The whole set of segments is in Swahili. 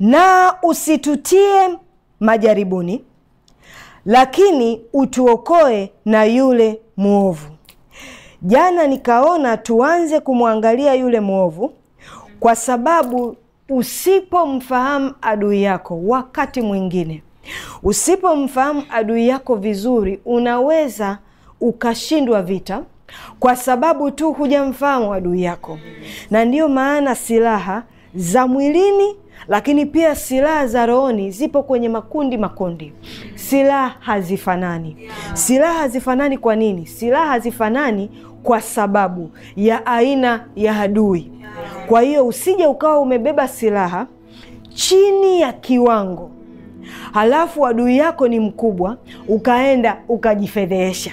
na usitutie majaribuni, lakini utuokoe na yule mwovu. Jana nikaona tuanze kumwangalia yule mwovu, kwa sababu usipomfahamu adui yako, wakati mwingine usipomfahamu adui yako vizuri, unaweza ukashindwa vita kwa sababu tu hujamfahamu adui yako, na ndiyo maana silaha za mwilini lakini pia silaha za rohoni zipo kwenye makundi makundi. Silaha hazifanani, silaha hazifanani. Kwa nini silaha hazifanani? Kwa sababu ya aina ya adui. Kwa hiyo usije ukawa umebeba silaha chini ya kiwango, halafu adui yako ni mkubwa, ukaenda ukajifedhehesha.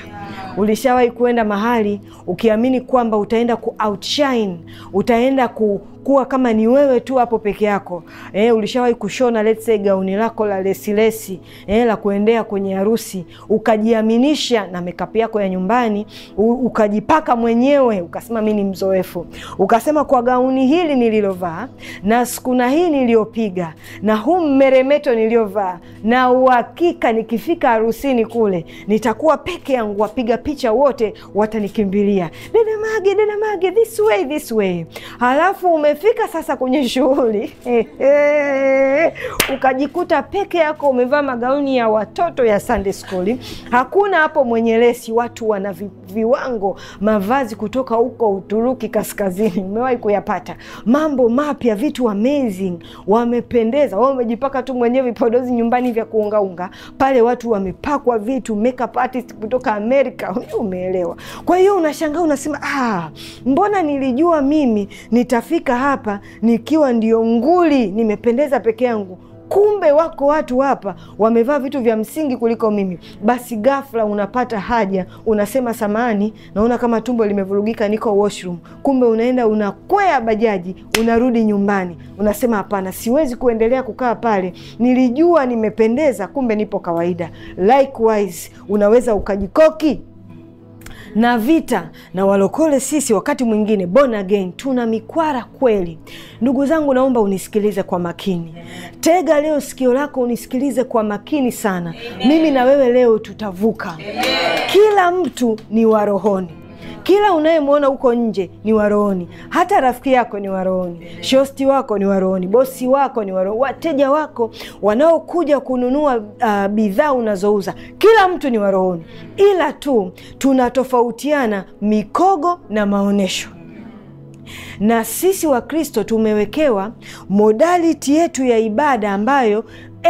Ulishawahi kuenda mahali ukiamini kwamba utaenda ku outshine, utaenda ku kuwa kama ni wewe tu hapo peke yako eh? Ulishawahi kushona let's say gauni lako la lesilesi eh, la kuendea kwenye harusi, ukajiaminisha na makeup yako ya nyumbani u, ukajipaka mwenyewe, ukasema mimi ni mzoefu, ukasema kwa gauni hili nililovaa na sukuna hii niliyopiga na huu mmeremeto niliovaa, na uhakika nikifika harusini kule nitakuwa peke yangu wapiga wapiga picha wote watanikimbilia, dada Mage, dada Mage, this way, this way. Halafu umefika sasa kwenye shughuli ukajikuta peke yako umevaa magauni ya watoto ya Sunday school, hakuna hapo mwenye lesi. Watu wana viwango mavazi kutoka huko Uturuki kaskazini, umewahi kuyapata mambo mapya, vitu amazing, wamependeza. Wao wamejipaka tu mwenyewe vipodozi nyumbani vya kuungaunga pale, watu wamepakwa vitu, makeup artist kutoka Amerika nimeweka, umeelewa? Kwa hiyo unashangaa unasema, ah, mbona nilijua mimi nitafika hapa nikiwa ndio nguli, nimependeza peke yangu kumbe wako watu hapa wamevaa vitu vya msingi kuliko mimi. Basi ghafla unapata haja, unasema samani, naona kama tumbo limevurugika, niko washroom. Kumbe unaenda unakwea bajaji, unarudi nyumbani, unasema hapana, siwezi kuendelea kukaa pale. Nilijua nimependeza, kumbe nipo kawaida. Likewise, unaweza ukajikoki na vita na walokole. Sisi wakati mwingine born again tuna mikwara kweli. Ndugu zangu, naomba unisikilize kwa makini. Tega leo sikio lako unisikilize kwa makini sana. Amen. Mimi na wewe leo tutavuka. Amen. Kila mtu ni warohoni kila unayemwona huko nje ni warooni, hata rafiki yako ni warooni, shosti wako ni warooni, bosi wako ni warooni, wateja wako wanaokuja kununua uh, bidhaa unazouza, kila mtu ni warooni, ila tu tunatofautiana mikogo na maonyesho na sisi Wakristo tumewekewa modaliti yetu ya ibada ambayo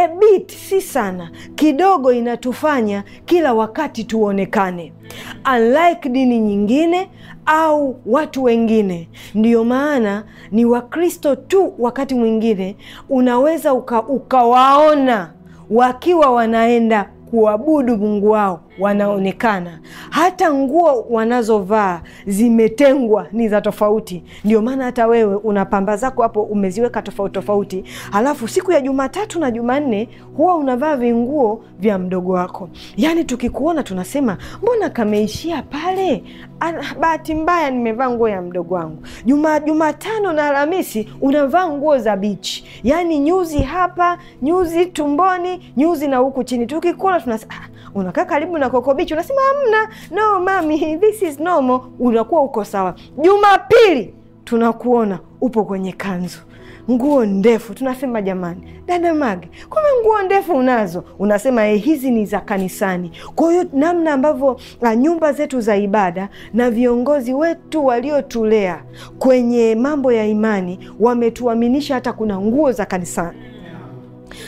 ebit si sana, kidogo inatufanya kila wakati tuonekane unlike dini nyingine au watu wengine. Ndiyo maana ni Wakristo tu, wakati mwingine unaweza uka, ukawaona wakiwa wanaenda kuabudu Mungu wao wanaonekana, hata nguo wanazovaa zimetengwa, ni za tofauti. Ndio maana hata wewe una pamba zako hapo umeziweka tofauti tofauti, alafu siku ya Jumatatu na Jumanne huwa unavaa vinguo vya mdogo wako. Yaani tukikuona tunasema mbona kameishia pale, bahati mbaya nimevaa nguo ya mdogo wangu. Juma Jumatano na Alhamisi unavaa nguo za bichi, yaani nyuzi hapa, nyuzi tumboni, nyuzi na huku chini. Tukikuona tunasema ah, unakaa karibu na unakokobicha, unasema hamna, no mami, this is normal, unakuwa uko sawa. Jumapili tunakuona upo kwenye kanzu nguo ndefu, tunasema jamani, dada Mage, kama nguo ndefu unazo. Unasema eh, hizi ni za kanisani. Kwa hiyo namna ambavyo ah, nyumba zetu za ibada na viongozi wetu waliotulea kwenye mambo ya imani wametuaminisha hata kuna nguo za kanisani.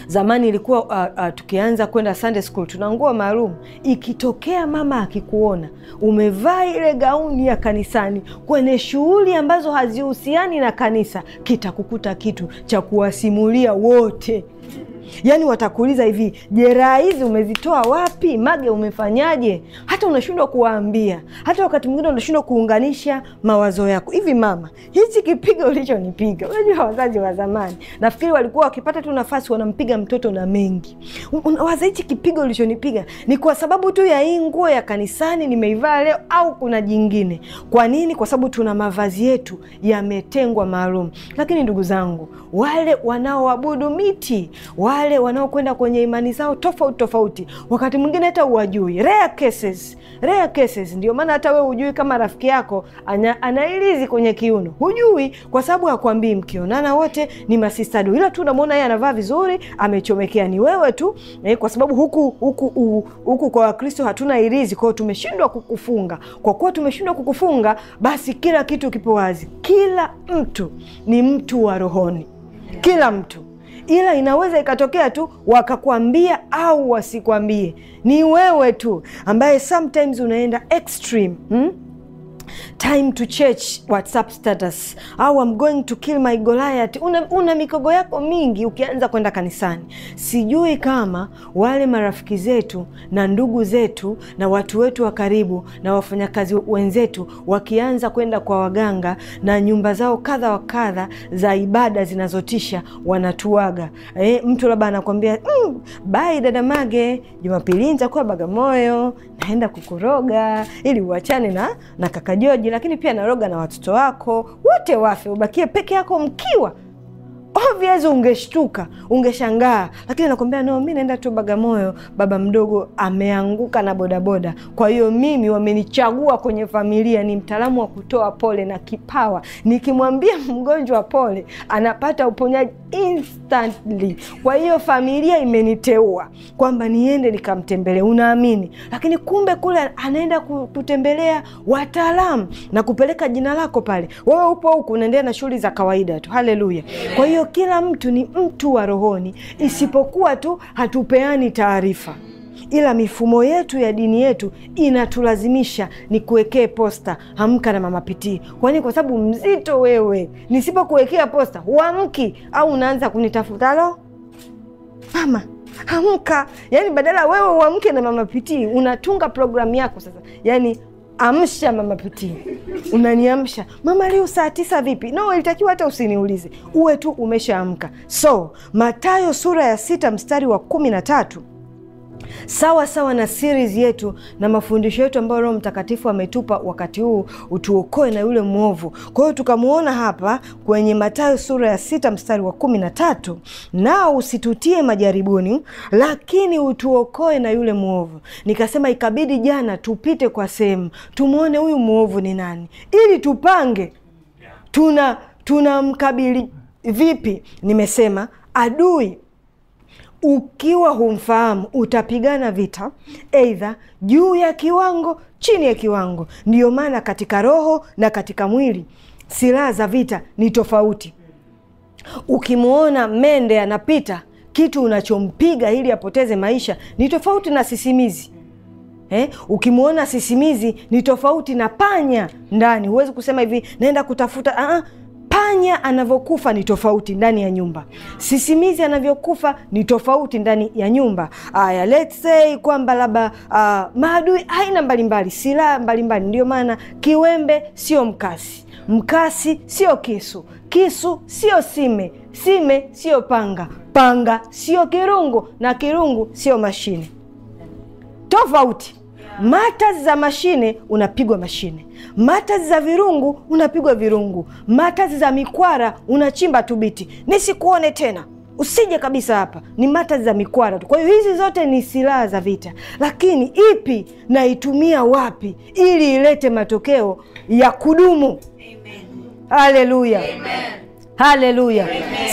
Zamani ilikuwa uh, uh, tukianza kwenda Sunday school tuna nguo maalum. Ikitokea mama akikuona umevaa ile gauni ya kanisani kwenye shughuli ambazo hazihusiani na kanisa, kitakukuta kitu cha kuwasimulia wote yani watakuuliza hivi, jeraha hizi umezitoa wapi? Mage umefanyaje? Hata unashindwa kuwaambia, hata wakati mwingine unashindwa kuunganisha mawazo yako. Hivi mama, hichi kipigo ulichonipiga, unajua wazazi wa zamani nafikiri walikuwa wakipata tu nafasi wanampiga mtoto na mengi. Unawaza hichi kipigo ulichonipiga ni kwa sababu tu ya hii nguo ya kanisani nimeivaa leo, au kuna jingine? Kwa nini? Kwa sababu tuna mavazi yetu yametengwa maalum. Lakini ndugu zangu, wale wanaoabudu miti wale wale wanaokwenda kwenye imani zao tofauti tofauti, wakati mwingine hata uwajui. Rare cases, rare cases. Ndio maana hata we hujui kama rafiki yako ana, kwenye kiuno, hujui kwa sababu hakwambii. Mkionana wote ni masistadu, ila tu unamwona yeye anavaa vizuri, amechomekea. Ni wewe tu eh, kwa sababu huku huku u, huku kwa Wakristo hatuna ilizi, kwao tumeshindwa kukufunga. Kwa kuwa tumeshindwa kukufunga, basi kila kitu kipo wazi. Kila mtu ni mtu wa rohoni, kila mtu ila inaweza ikatokea tu wakakwambia au wasikwambie. Ni wewe tu ambaye sometimes unaenda extreme hmm? time to church whatsapp status au am going to kill my Goliath. Una, una mikogo yako mingi ukianza kwenda kanisani. Sijui kama wale marafiki zetu na ndugu zetu na watu wetu wa karibu na wafanyakazi wenzetu wakianza kwenda kwa waganga na nyumba zao kadha wa kadha za ibada zinazotisha wanatuaga. E, mtu labda anakwambia mm, bai dada Mage, Jumapili nitakuwa Bagamoyo naenda kukuroga ili uachane na na kaka joji lakini pia naroga na watoto wako wote wafe, ubakie peke yako mkiwa obvious ungeshtuka ungeshangaa, lakini nakwambia no, mi naenda tu Bagamoyo, baba mdogo ameanguka na bodaboda. Kwa hiyo mimi wamenichagua kwenye familia, ni mtaalamu wa kutoa pole na kipawa. Nikimwambia mgonjwa pole, anapata uponyaji instantly. Kwa hiyo familia imeniteua kwamba niende nikamtembelee, unaamini? Lakini kumbe kule anaenda kutembelea wataalamu na kupeleka jina lako pale, wewe upo huku unaendelea na shughuli za kawaida tu. Haleluya! kwa hiyo hiyo kila mtu ni mtu wa rohoni, isipokuwa tu hatupeani taarifa, ila mifumo yetu ya dini yetu inatulazimisha ni kuwekee posta, amka na mama pitii. Kwani kwa sababu mzito wewe, nisipokuwekea posta huamki, au unaanza kunitafutalo mama amka. Yani badala wewe uamke na mama pitii, unatunga programu yako sasa, yani Amsha mama Pitii, unaniamsha mama. Leo saa tisa vipi? No, ilitakiwa hata usiniulize, uwe tu umeshaamka. So matayo sura ya sita mstari wa kumi na tatu sawa sawa na series yetu na mafundisho yetu ambayo Roho Mtakatifu ametupa wakati huu, utuokoe na yule mwovu. Kwa hiyo tukamwona hapa kwenye Mathayo sura ya sita mstari wa kumi na tatu nao usitutie majaribuni, lakini utuokoe na yule mwovu. Nikasema ikabidi jana tupite kwa sehemu tumwone huyu mwovu ni nani, ili tupange tuna tunamkabili vipi. Nimesema adui ukiwa humfahamu utapigana vita eidha juu ya kiwango, chini ya kiwango. Ndiyo maana katika roho na katika mwili silaha za vita ni tofauti. Ukimwona mende anapita, kitu unachompiga ili apoteze maisha ni tofauti na sisimizi. Eh, ukimwona sisimizi ni tofauti na panya ndani. Huwezi kusema hivi naenda kutafuta. Aa, ah, ah. Panya anavyokufa ni tofauti ndani ya nyumba, sisimizi anavyokufa ni tofauti ndani ya nyumba. Aya, let's say kwamba labda uh, maadui aina mbalimbali, silaha mbalimbali. Ndio maana kiwembe sio mkasi, mkasi sio kisu, kisu sio sime, sime sio panga, panga sio kirungu, na kirungu sio mashine. Tofauti matas za mashine, unapigwa mashine matazi za virungu unapigwa virungu, matazi za mikwara unachimba tubiti nisikuone tena usije kabisa hapa. Ni matazi za mikwara tu. Kwa hiyo hizi zote ni silaha za vita, lakini ipi naitumia wapi ili ilete matokeo ya kudumu? Amen. Haleluya. Amen. Haleluya!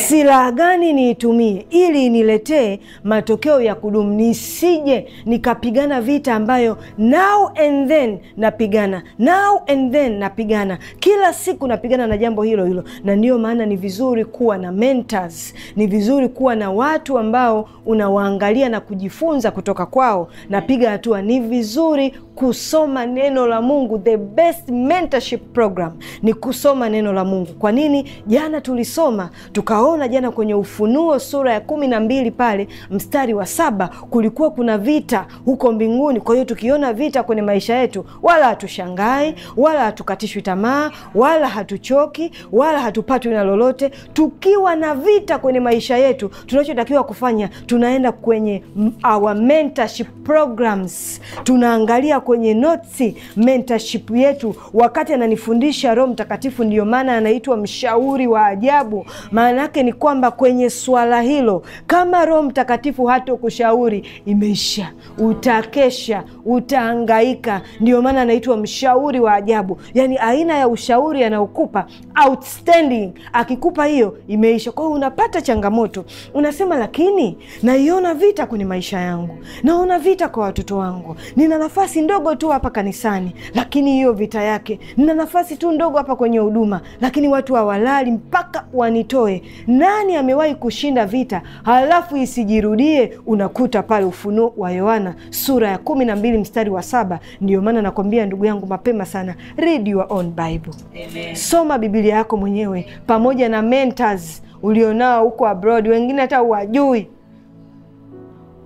silaha gani niitumie ili niletee matokeo ya kudumu, nisije nikapigana vita ambayo now and then napigana, now and then napigana, kila siku napigana na jambo hilo hilo. Na ndiyo maana ni vizuri kuwa na mentors, ni vizuri kuwa na watu ambao unawaangalia na kujifunza kutoka kwao. Napiga hatua, ni vizuri kusoma neno la Mungu. The best mentorship program ni kusoma neno la Mungu. Kwa nini? Jana tulisoma tukaona, jana kwenye Ufunuo sura ya kumi na mbili pale mstari wa saba kulikuwa kuna vita huko mbinguni. Kwa hiyo tukiona vita kwenye maisha yetu, wala hatushangai wala hatukatishwi tamaa wala hatuchoki wala hatupatwi na lolote. Tukiwa na vita kwenye maisha yetu, tunachotakiwa kufanya, tunaenda kwenye our mentorship programs, tunaangalia kwenye notsi mentorship yetu, wakati ananifundisha Roho Mtakatifu. Ndiyo maana anaitwa mshauri wa ajabu. Maana yake ni kwamba kwenye swala hilo, kama Roho Mtakatifu kushauri imeisha, utakesha, utaangaika. Ndiyo maana anaitwa mshauri wa ajabu, yani aina ya ushauri anaokupa outstanding, akikupa hiyo imeisha. Kwa hiyo unapata changamoto, unasema lakini naiona vita kwenye maisha yangu, naona vita kwa watoto wangu, nina nafasi ndo ndogo tu hapa kanisani, lakini hiyo vita yake. Nina nafasi tu ndogo hapa kwenye huduma, lakini watu hawalali mpaka wanitoe. Nani amewahi kushinda vita halafu isijirudie? Unakuta pale Ufunuo wa Yohana sura ya kumi na mbili mstari wa saba. Ndiyo maana nakwambia ndugu yangu mapema sana, read your own Bible. Amen. Soma Biblia yako mwenyewe pamoja na mentors ulionao huko abroad, wengine hata wajui,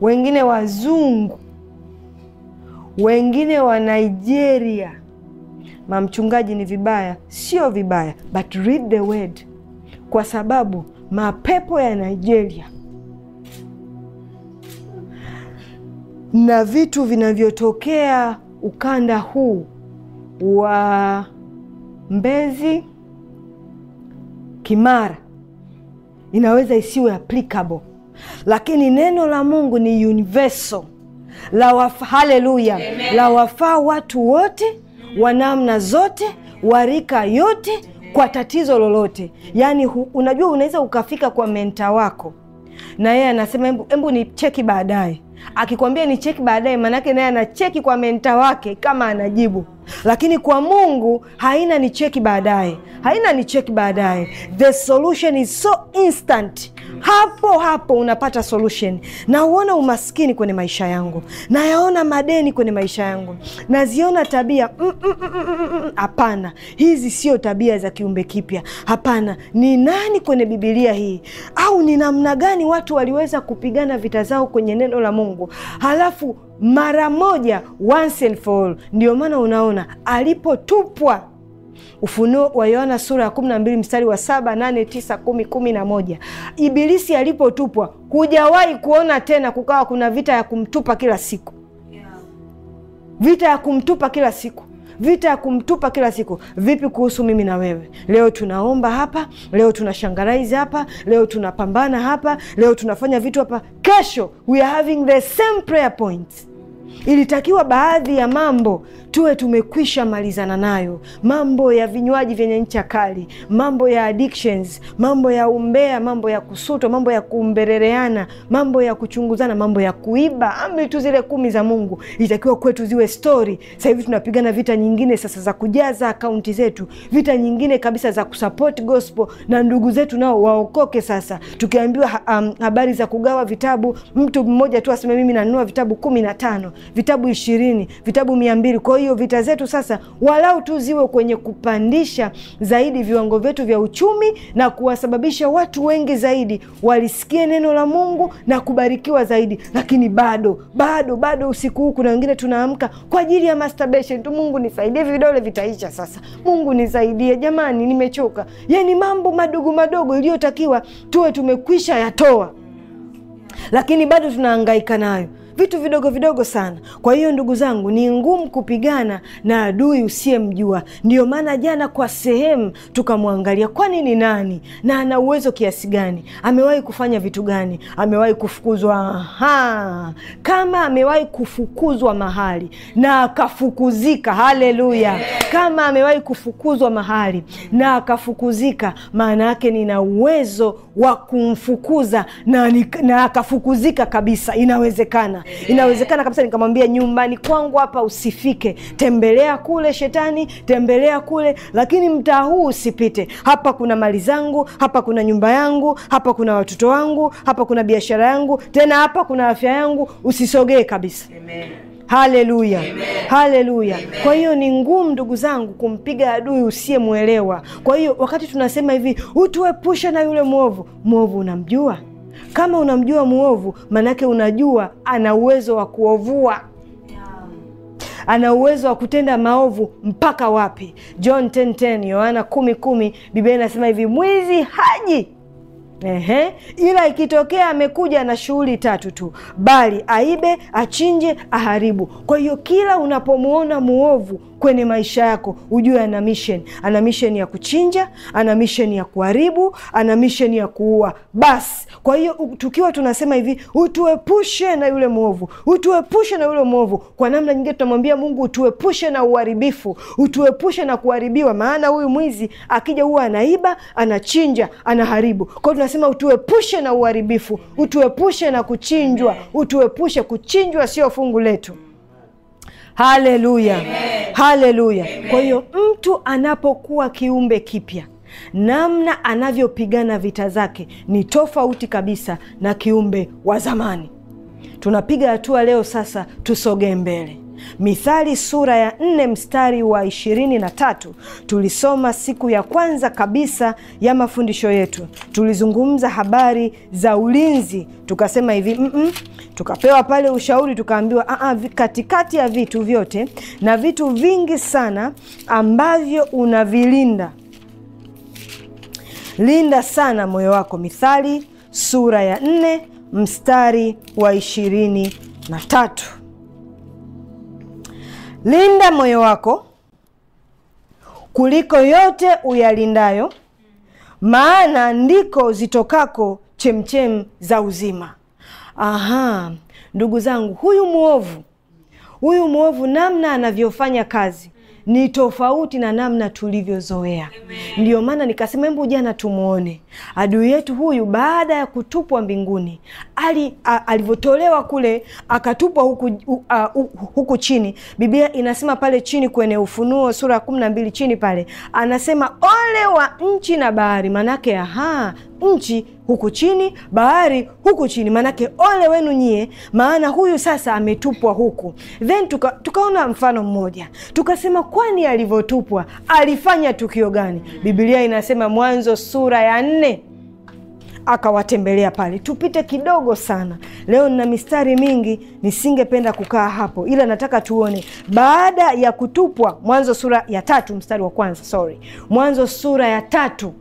wengine wazungu wengine wa Nigeria. Mamchungaji ni vibaya? Sio vibaya, but read the word, kwa sababu mapepo ya Nigeria na vitu vinavyotokea ukanda huu wa Mbezi, Kimara inaweza isiwe applicable, lakini neno la Mungu ni universal haleluya, la wafaa watu wote wa namna zote warika yote kwa tatizo lolote. Yaani unajua, unaweza ukafika kwa menta wako na yeye anasema hebu ni cheki baadaye. Akikwambia ni cheki baadaye, maanake naye anacheki kwa menta wake kama anajibu. Lakini kwa Mungu haina ni cheki baadaye, haina ni cheki baadaye. The solution is so instant hapo hapo unapata solution. Nauona umaskini kwenye maisha yangu, nayaona madeni kwenye maisha yangu, naziona tabia mm, mm, mm, mm, hapana, hizi sio tabia za kiumbe kipya. Hapana, ni nani kwenye Bibilia hii? Au ni namna gani watu waliweza kupigana vita zao kwenye neno la Mungu halafu mara moja, once and for all. Ndio maana unaona alipotupwa Ufunuo wa Yohana sura ya 12 mstari wa 7, 8, 9, 10, 11. Ibilisi alipotupwa hujawahi kuona tena kukawa kuna vita ya kumtupa kila siku, vita ya kumtupa kila siku vita ya kumtupa kila siku. Vipi kuhusu mimi na wewe? Leo tunaomba hapa, leo tunashangaraizi hapa, leo tunapambana hapa, leo tunafanya vitu hapa, kesho we are having the same prayer points. Ilitakiwa baadhi ya mambo tuwe tumekwisha malizana nayo, mambo ya vinywaji vyenye ncha kali, mambo ya addictions, mambo ya umbea, mambo ya kusuto, mambo ya kumbereleana, mambo ya kuchunguzana, mambo ya kuiba. Amri tu zile kumi za Mungu itakiwa kwetu ziwe stori. Sasa hivi tunapigana vita nyingine sasa za kujaza akaunti zetu, vita nyingine kabisa za kusupport gospel, na ndugu zetu nao waokoke. Sasa tukiambiwa ha um, habari za kugawa vitabu, mtu mmoja tu aseme mimi nanunua vitabu kumi na tano, vitabu ishirini, vitabu mia mbili kwao hiyo vita zetu sasa walau tu ziwe kwenye kupandisha zaidi viwango vyetu vya uchumi na kuwasababisha watu wengi zaidi walisikie neno la Mungu na kubarikiwa zaidi, lakini bado bado bado, usiku huu kuna wengine tunaamka kwa ajili ya masturbation tu. Mungu nisaidie, vidole vitaisha sasa. Mungu nisaidie, jamani, nimechoka. Yani mambo madogo madogo iliyotakiwa tuwe tumekwisha yatoa, lakini bado tunahangaika nayo vitu vidogo vidogo sana. Kwa hiyo ndugu zangu, ni ngumu kupigana na adui usiyemjua. Ndiyo maana jana kwa sehemu tukamwangalia, kwani ni nani na ana uwezo kiasi gani, amewahi kufanya vitu gani, amewahi kufukuzwa. Aha, kama amewahi kufukuzwa mahali na akafukuzika, haleluya! Kama amewahi kufukuzwa mahali na akafukuzika, maana yake nina uwezo wa kumfukuza na, na akafukuzika kabisa. Inawezekana, inawezekana kabisa. Nikamwambia nyumbani kwangu hapa usifike, tembelea kule shetani, tembelea kule, lakini mtaa huu usipite. Hapa kuna mali zangu, hapa kuna nyumba yangu, hapa kuna watoto wangu, hapa kuna biashara yangu, tena hapa kuna afya yangu, usisogee kabisa. Amen. Haleluya, haleluya. Kwa hiyo ni ngumu ndugu zangu kumpiga adui usiyemwelewa. Kwa hiyo wakati tunasema hivi, utuepushe na yule mwovu, mwovu unamjua? Kama unamjua mwovu, maanake unajua ana uwezo wa kuovua ana uwezo wa kutenda maovu mpaka wapi? John 10:10 Yohana 10:10 Biblia inasema hivi, mwizi haji Ehe, ila ikitokea amekuja na shughuli tatu tu, bali aibe, achinje, aharibu. Kwa hiyo kila unapomwona muovu kwenye maisha yako ujue ana mission, ana mission ya kuchinja, ana mission ya kuharibu, ana mission ya kuua. Basi kwa hiyo tukiwa tunasema hivi, utuepushe na yule mwovu, utuepushe na yule mwovu, kwa namna nyingine tutamwambia Mungu utuepushe na uharibifu, utuepushe na kuharibiwa, maana huyu mwizi akija huwa anaiba, anachinja, anaharibu. Kwa Anasema utuepushe na uharibifu, utuepushe na kuchinjwa, utuepushe. Kuchinjwa sio fungu letu. Haleluya, haleluya. Kwa hiyo mtu anapokuwa kiumbe kipya namna anavyopigana vita zake ni tofauti kabisa na kiumbe wa zamani. Tunapiga hatua leo, sasa tusogee mbele. Mithali sura ya nne mstari wa ishirini na tatu tulisoma siku ya kwanza kabisa ya mafundisho yetu, tulizungumza habari za ulinzi, tukasema hivi mm -mm. Tukapewa pale ushauri, tukaambiwa a ah, a, ah, katikati ya vitu vyote na vitu vingi sana ambavyo unavilinda, linda sana moyo wako. Mithali sura ya nne mstari wa ishirini na tatu linda moyo wako kuliko yote uyalindayo, maana ndiko zitokako chemchem za uzima. Aha, ndugu zangu, huyu mwovu, huyu mwovu, namna anavyofanya kazi ni tofauti na namna tulivyozoea. Ndiyo maana nikasema, hebu jana tumwone adui yetu huyu, baada ya kutupwa mbinguni, ali alivyotolewa kule akatupwa huku, uh, huku chini. Biblia inasema pale chini kwenye Ufunuo sura ya kumi na mbili chini pale anasema ole wa nchi na bahari, manake aha, nchi huku chini, bahari huku chini, manake ole wenu nyie, maana huyu sasa ametupwa huku. Then tuka, tukaona mfano mmoja tukasema, kwani alivyotupwa alifanya tukio gani? Biblia inasema Mwanzo sura ya nne akawatembelea pale. Tupite kidogo sana, leo nina mistari mingi, nisingependa kukaa hapo, ila nataka tuone baada ya kutupwa. Mwanzo sura ya tatu mstari wa kwanza, sorry, Mwanzo sura ya tatu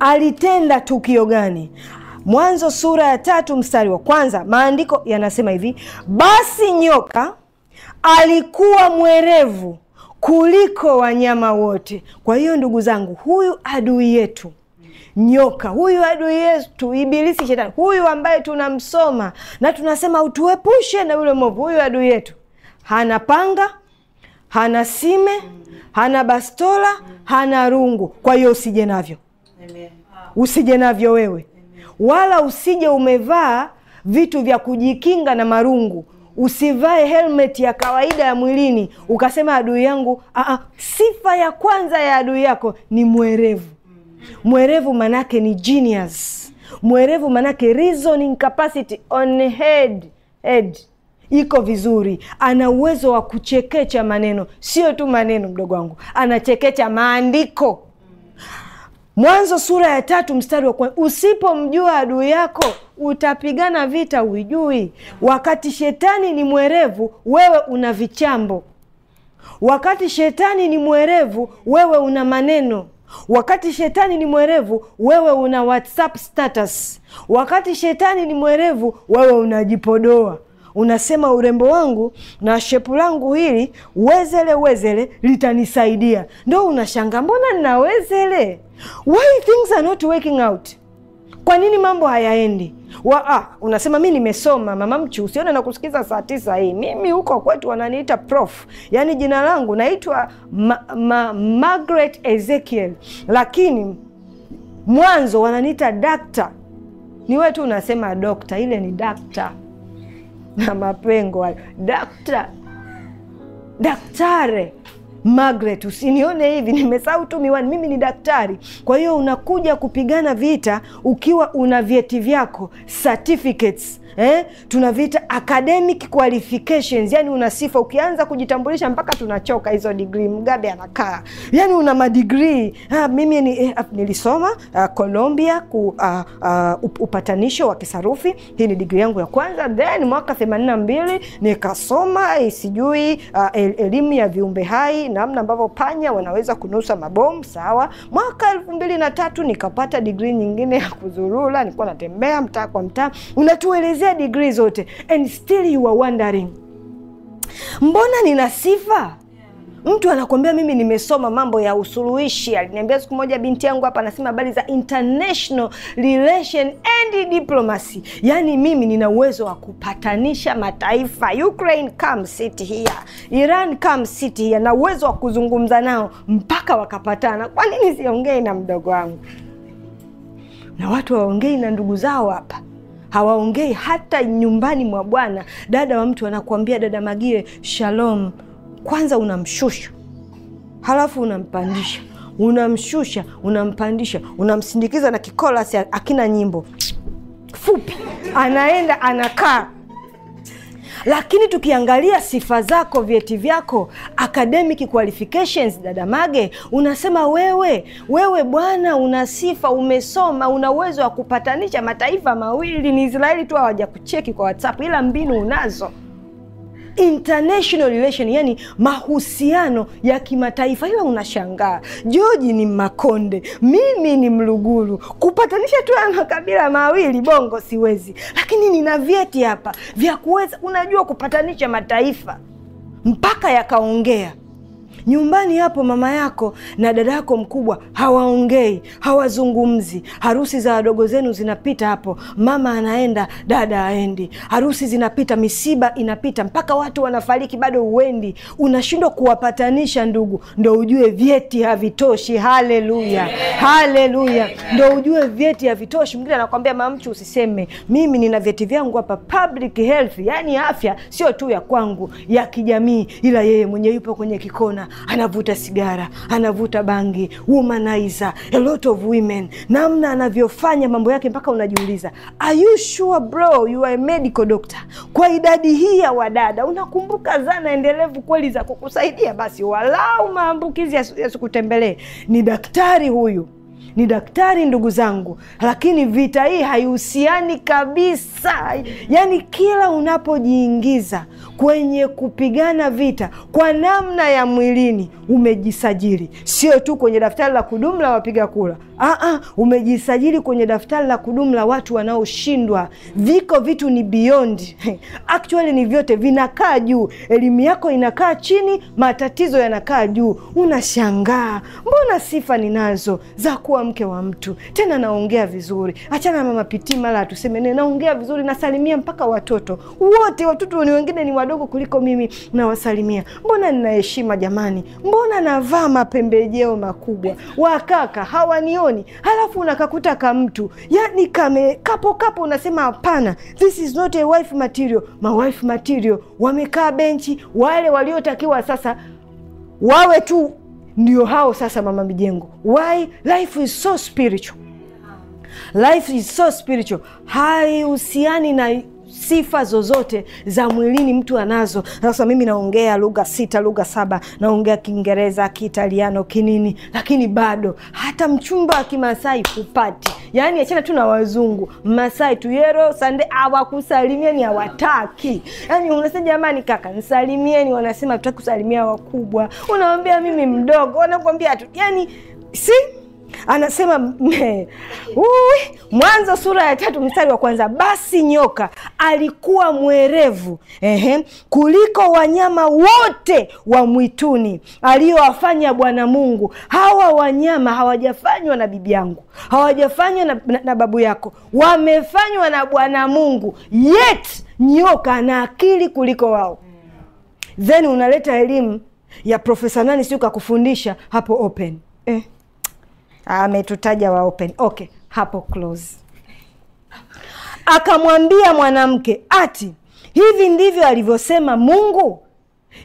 alitenda tukio gani? Mwanzo sura ya tatu mstari wa kwanza, maandiko yanasema hivi: basi nyoka alikuwa mwerevu kuliko wanyama wote. Kwa hiyo ndugu zangu, huyu adui yetu nyoka huyu adui yetu Ibilisi, shetani huyu ambaye tunamsoma na tunasema utuepushe na yule mwovu. Huyu adui yetu hana panga, hana sime, hana bastola, hana rungu. Kwa hiyo usije navyo, usije navyo wewe, wala usije umevaa vitu vya kujikinga na marungu. Usivae helmeti ya kawaida ya mwilini ukasema adui yangu. Aa, ah, ah, sifa ya kwanza ya adui yako ni mwerevu mwerevu manake ni genius mwerevu manake reasoning capacity on head head iko vizuri ana uwezo wa kuchekecha maneno sio tu maneno mdogo wangu anachekecha maandiko mwanzo sura ya tatu mstari wa usipomjua adui yako utapigana vita uijui wakati shetani ni mwerevu wewe una vichambo wakati shetani ni mwerevu wewe una maneno Wakati shetani ni mwerevu, wewe una WhatsApp status. Wakati shetani ni mwerevu, wewe unajipodoa unasema urembo wangu na shepu langu hili wezele wezele litanisaidia. Ndo unashanga mbona nina wezele, why things are not working out kwa nini mambo hayaendi? Wa, ah, unasema mi nimesoma. Mama mchu, usione na kusikiza saa tisa hii. Mimi huko kwetu wananiita prof, yaani jina langu naitwa ma, ma, Margaret Ezekiel, lakini mwanzo wananiita dakta. Ni wewe tu unasema dokta, ile ni dakta na mapengo hayo, dakta daktare Margaret, usinione hivi, nimesahau tu miwani, mimi ni daktari. Kwa hiyo unakuja kupigana vita ukiwa una vyeti vyako certificates eh? tunaviita academic qualifications, yani una sifa ukianza kujitambulisha mpaka tunachoka hizo degree. Mgabe anakaa yani una madigrii ah, mimi ni, eh, ah, nilisoma ah, Colombia ku, ah, ah, upatanisho wa kisarufi. Hii ni degree yangu ya kwanza, then mwaka 82 nikasoma eh, sijui ah, el, elimu ya viumbe hai, namna ambavyo panya wanaweza kunusa mabomu. Sawa, mwaka elfu mbili na tatu nikapata degree nyingine ya kuzurula, nilikuwa natembea mtaa kwa mtaa, unatuelezea umemalizia digrii zote and still you are wondering, mbona nina sifa? Mtu anakuambia mimi nimesoma mambo ya usuluhishi. Aliniambia siku moja binti yangu hapa, anasema habari za international relation and diplomacy, yaani mimi nina uwezo wa kupatanisha mataifa. Ukraine come sit here, Iran come sit here, na uwezo wa kuzungumza nao mpaka wakapatana. Kwa nini siongei na mdogo wangu na watu waongei na ndugu zao hapa? hawaongei hata nyumbani mwa bwana. Dada wa mtu anakuambia dada Magie, shalom, kwanza unamshusha halafu unampandisha, unamshusha, unampandisha, unamsindikiza na kikolasi, akina nyimbo fupi, anaenda anakaa lakini tukiangalia sifa zako, vyeti vyako, academic qualifications, dada Mage, unasema wewe wewe bwana una sifa, umesoma, una uwezo wa kupatanisha mataifa mawili. Ni Israeli tu hawajakucheki kwa WhatsApp, ila mbinu unazo international relation, yani mahusiano ya kimataifa. Ila unashangaa George ni Makonde, mimi ni Mluguru, kupatanisha tu ya makabila mawili Bongo siwezi, lakini nina vyeti hapa vya kuweza, unajua kupatanisha mataifa mpaka yakaongea Nyumbani hapo mama yako na dada yako mkubwa hawaongei, hawazungumzi. Harusi za wadogo zenu zinapita hapo, mama anaenda, dada aendi. Harusi zinapita, misiba inapita, mpaka watu wanafariki, bado uendi. Unashindwa kuwapatanisha ndugu, ndo ujue vyeti havitoshi. Haleluya, haleluya, ndo ujue vyeti havitoshi. Mwingine anakwambia mamchu, usiseme mimi nina vyeti vyangu hapa, public health, yani afya sio tu ya kwangu, ya kijamii, ila yeye mwenye yupo kwenye kikona anavuta sigara, anavuta bangi, womanizer, a lot of women, namna anavyofanya mambo yake mpaka unajiuliza, are you sure bro you are a medical doctor? Kwa idadi hii ya wadada, unakumbuka zana endelevu kweli za kukusaidia, basi walau maambukizi yasikutembelee. Ni daktari huyu ni daktari ndugu zangu, lakini vita hii haihusiani kabisa. Yaani kila unapojiingiza kwenye kupigana vita kwa namna ya mwilini, umejisajili sio tu kwenye daftari la kudumu la wapiga kura Aa, ah, ah, umejisajili kwenye daftari la kudumu la watu wanaoshindwa. Viko vitu ni beyond actually, ni vyote vinakaa juu, elimu yako inakaa chini, matatizo yanakaa juu. Unashangaa mbona sifa ninazo za kuwa mke wa mtu, tena naongea vizuri. Achana na mama Pitii, mara atusemene, naongea vizuri, nasalimia mpaka watoto wote. Watoto ni wengine ni wadogo kuliko mimi, nawasalimia. Mbona nina heshima jamani, mbona navaa mapembejeo makubwa, wakaka hawanioni mlangoni, halafu unakakuta ka mtu yani kame kapo kapo, unasema hapana, this is not a wife material. Ma wife material wamekaa benchi, wale waliotakiwa sasa wawe tu ndio hao sasa, mama mijengo. Why life is so spiritual, life is so spiritual, haihusiani na sifa zozote za mwilini mtu anazo. Sasa mimi naongea lugha sita, lugha saba, naongea Kiingereza, Kiitaliano, kinini, lakini bado hata mchumba wa Kimasai hupati. Yaani achana tu na wazungu, Masai tuyero sande hawakusalimieni, hawataki. Yaani unasema jamani, kaka nisalimieni, wanasema tutaki kusalimia wakubwa, unawambia mimi mdogo, wanakwambia tu, yaani si anasema ui Mwanzo sura ya tatu mstari wa kwanza, basi nyoka alikuwa mwerevu ehe, kuliko wanyama wote wa mwituni aliyowafanya Bwana Mungu. Hawa wanyama hawajafanywa na bibi yangu, hawajafanywa na, na, na babu yako, wamefanywa na Bwana Mungu, yet nyoka ana akili kuliko wao. Then unaleta elimu ya profesa nani siu kakufundisha hapo open eh ametutaja wa open. Okay, hapo close. Akamwambia mwanamke ati hivi ndivyo alivyosema Mungu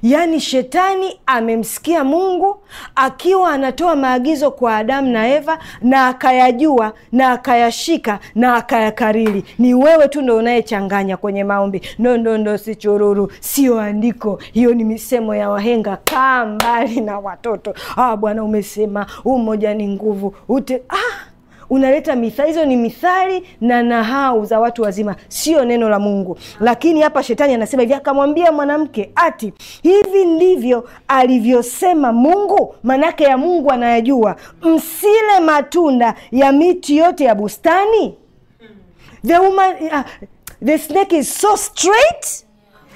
yaani shetani amemsikia mungu akiwa anatoa maagizo kwa adamu na eva na akayajua na akayashika na akayakarili ni wewe tu ndo unayechanganya kwenye maombi ndondondo si chururu sio andiko hiyo ni misemo ya wahenga kaa mbali na watoto ah bwana umesema huu mmoja ni nguvu ute ah unaleta mithali. Hizo ni mithari na nahau za watu wazima, sio neno la Mungu. Lakini hapa shetani anasema hivi, akamwambia mwanamke ati hivi ndivyo alivyosema Mungu, manake ya Mungu anayajua, msile matunda ya miti yote ya bustani. The woman, uh, the snake is so straight,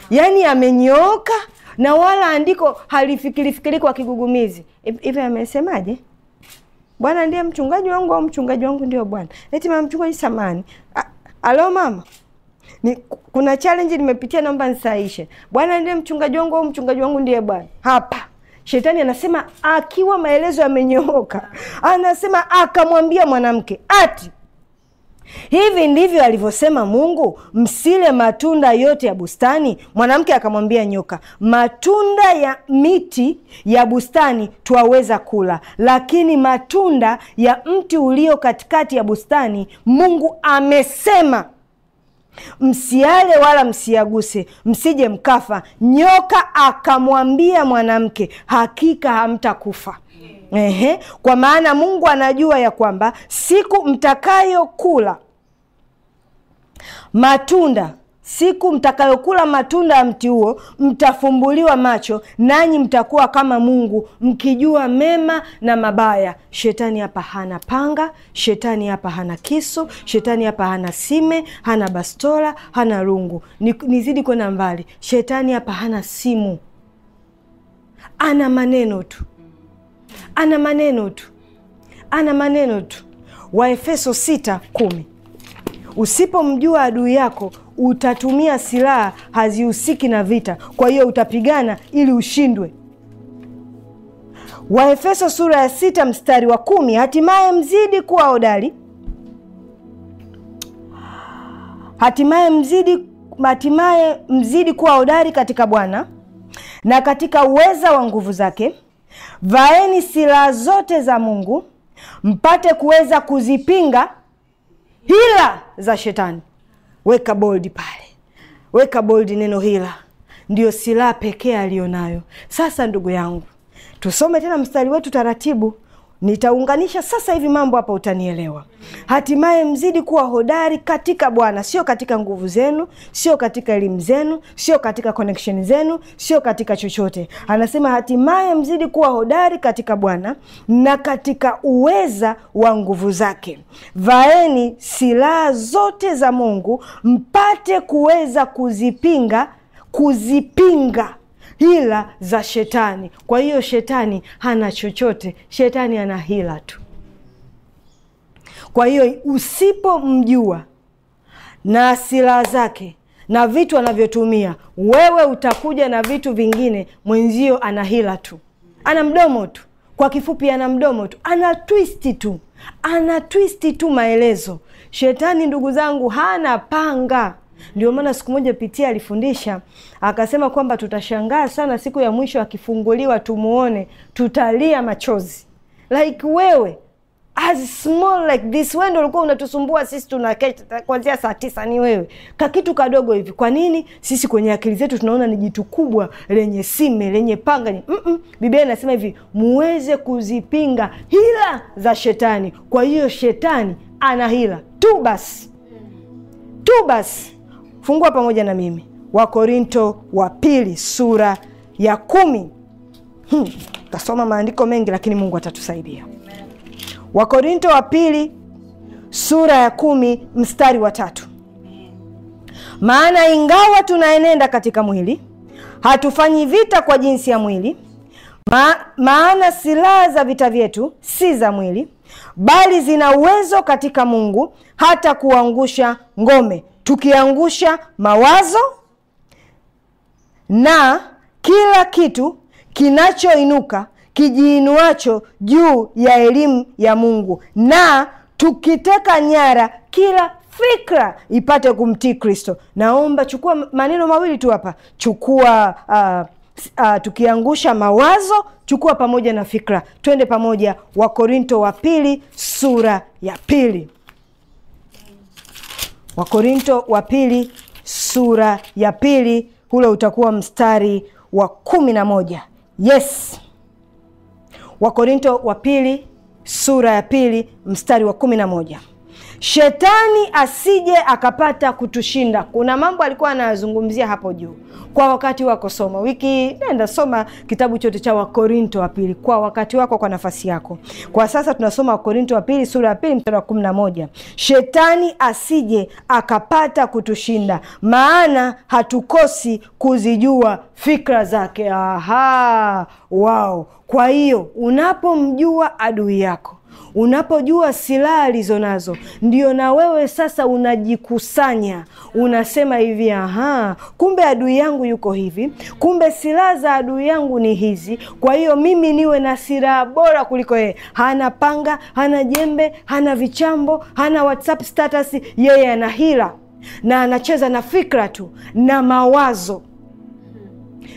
yani amenyooka na wala andiko halifikirifikiri kwa kigugumizi. hivyo amesemaje? Bwana ndiye mchungaji wangu au mchungaji wangu ndio Bwana? Eti mama mchungaji, samani alo mama ni, kuna challenge nimepitia, naomba nisaishe. Bwana ndiye mchungaji wangu au mchungaji wangu ndiye Bwana? Hapa shetani anasema, akiwa maelezo yamenyooka, anasema akamwambia mwanamke ati Hivi ndivyo alivyosema Mungu, msile matunda yote ya bustani. Mwanamke akamwambia nyoka, matunda ya miti ya bustani twaweza kula, lakini matunda ya mti ulio katikati ya bustani, Mungu amesema msiale wala msiaguse, msije mkafa. Nyoka akamwambia mwanamke, hakika hamtakufa. Ehe, kwa maana Mungu anajua ya kwamba siku mtakayokula matunda siku mtakayokula matunda ya mti huo mtafumbuliwa macho, nanyi mtakuwa kama Mungu, mkijua mema na mabaya. Shetani hapa hana panga, shetani hapa hana kisu, shetani hapa hana sime, hana bastola, hana rungu. Nizidi kwenda mbali, shetani hapa hana simu, ana maneno tu ana maneno tu, ana maneno tu. Waefeso 6:10 usipomjua adui yako utatumia silaha hazihusiki na vita, kwa hiyo utapigana ili ushindwe. Waefeso sura ya sita mstari wa kumi hatimaye mzidi kuwa hodari, hatimaye mzidi, hatimaye mzidi kuwa hodari katika Bwana na katika uweza wa nguvu zake vaeni silaha zote za Mungu mpate kuweza kuzipinga hila za shetani. Weka boldi pale, weka boldi neno hila, ndiyo silaha pekee aliyonayo. Sasa ndugu yangu, tusome tena mstari wetu taratibu nitaunganisha sasa hivi mambo hapa, utanielewa. Hatimaye mzidi kuwa hodari katika Bwana, sio katika nguvu zenu, sio katika elimu zenu, sio katika connection zenu, sio katika chochote. Anasema hatimaye mzidi kuwa hodari katika Bwana na katika uweza wa nguvu zake. Vaeni silaha zote za Mungu mpate kuweza kuzipinga kuzipinga hila za shetani. Kwa hiyo shetani hana chochote, shetani ana hila tu. Kwa hiyo usipomjua na silaha zake na vitu anavyotumia, wewe utakuja na vitu vingine. Mwenzio ana hila tu, ana mdomo tu, kwa kifupi, ana mdomo tu, ana twisti tu, ana twisti tu maelezo. Shetani ndugu zangu, hana panga ndio maana siku moja Pitia alifundisha akasema kwamba tutashangaa sana siku ya mwisho akifunguliwa, tumuone, tutalia machozi like wewe as small like this, wewe ndio ulikuwa unatusumbua sisi, tunakesha kuanzia saa tisa. Ni wewe ka kitu kadogo hivi. Kwa nini sisi kwenye akili zetu tunaona ni jitu kubwa lenye sime lenye panga? mm -mm. Biblia inasema hivi, muweze kuzipinga hila za shetani. Kwa hiyo shetani ana hila tu basi, tu basi Fungua pamoja na mimi Wakorinto wa pili sura ya kumi. Hmm, tasoma maandiko mengi lakini Mungu atatusaidia. Wakorinto wa pili sura ya kumi mstari wa tatu. Maana ingawa tunaenenda katika mwili, hatufanyi vita kwa jinsi ya mwili. Ma, maana silaha za vita vyetu si za mwili, bali zina uwezo katika Mungu hata kuangusha ngome tukiangusha mawazo na kila kitu kinachoinuka kijiinuacho juu ya elimu ya Mungu na tukiteka nyara kila fikra ipate kumtii Kristo. Naomba chukua maneno mawili tu hapa, chukua uh, Uh, tukiangusha mawazo chukua pamoja na fikra. Twende pamoja, Wakorinto wa pili sura ya pili. Wakorinto wa pili sura ya pili ule utakuwa mstari wa kumi na moja. Yes, Wakorinto wa pili sura ya pili mstari wa kumi na moja shetani asije akapata kutushinda. Kuna mambo alikuwa anayazungumzia hapo juu kwa wakati wako. Soma wiki nenda, soma kitabu chote cha Wakorinto wa pili kwa wakati wako, kwa nafasi yako. Kwa sasa tunasoma Wakorinto wa pili sura ya pili mstari wa kumi na moja shetani asije akapata kutushinda, maana hatukosi kuzijua fikra zake. Aha, wao. Kwa hiyo unapomjua adui yako Unapojua silaha nazo ndio na wewe sasa unajikusanya, unasema hivi, aha, kumbe adui yangu yuko hivi, kumbe silaha za adui yangu ni hizi. Kwa hiyo mimi niwe na silaha bora kuliko yeye. Hana panga, hana jembe, hana vichambo, hana WhatsApp status. Yeye ana hila na anacheza na fikra tu na mawazo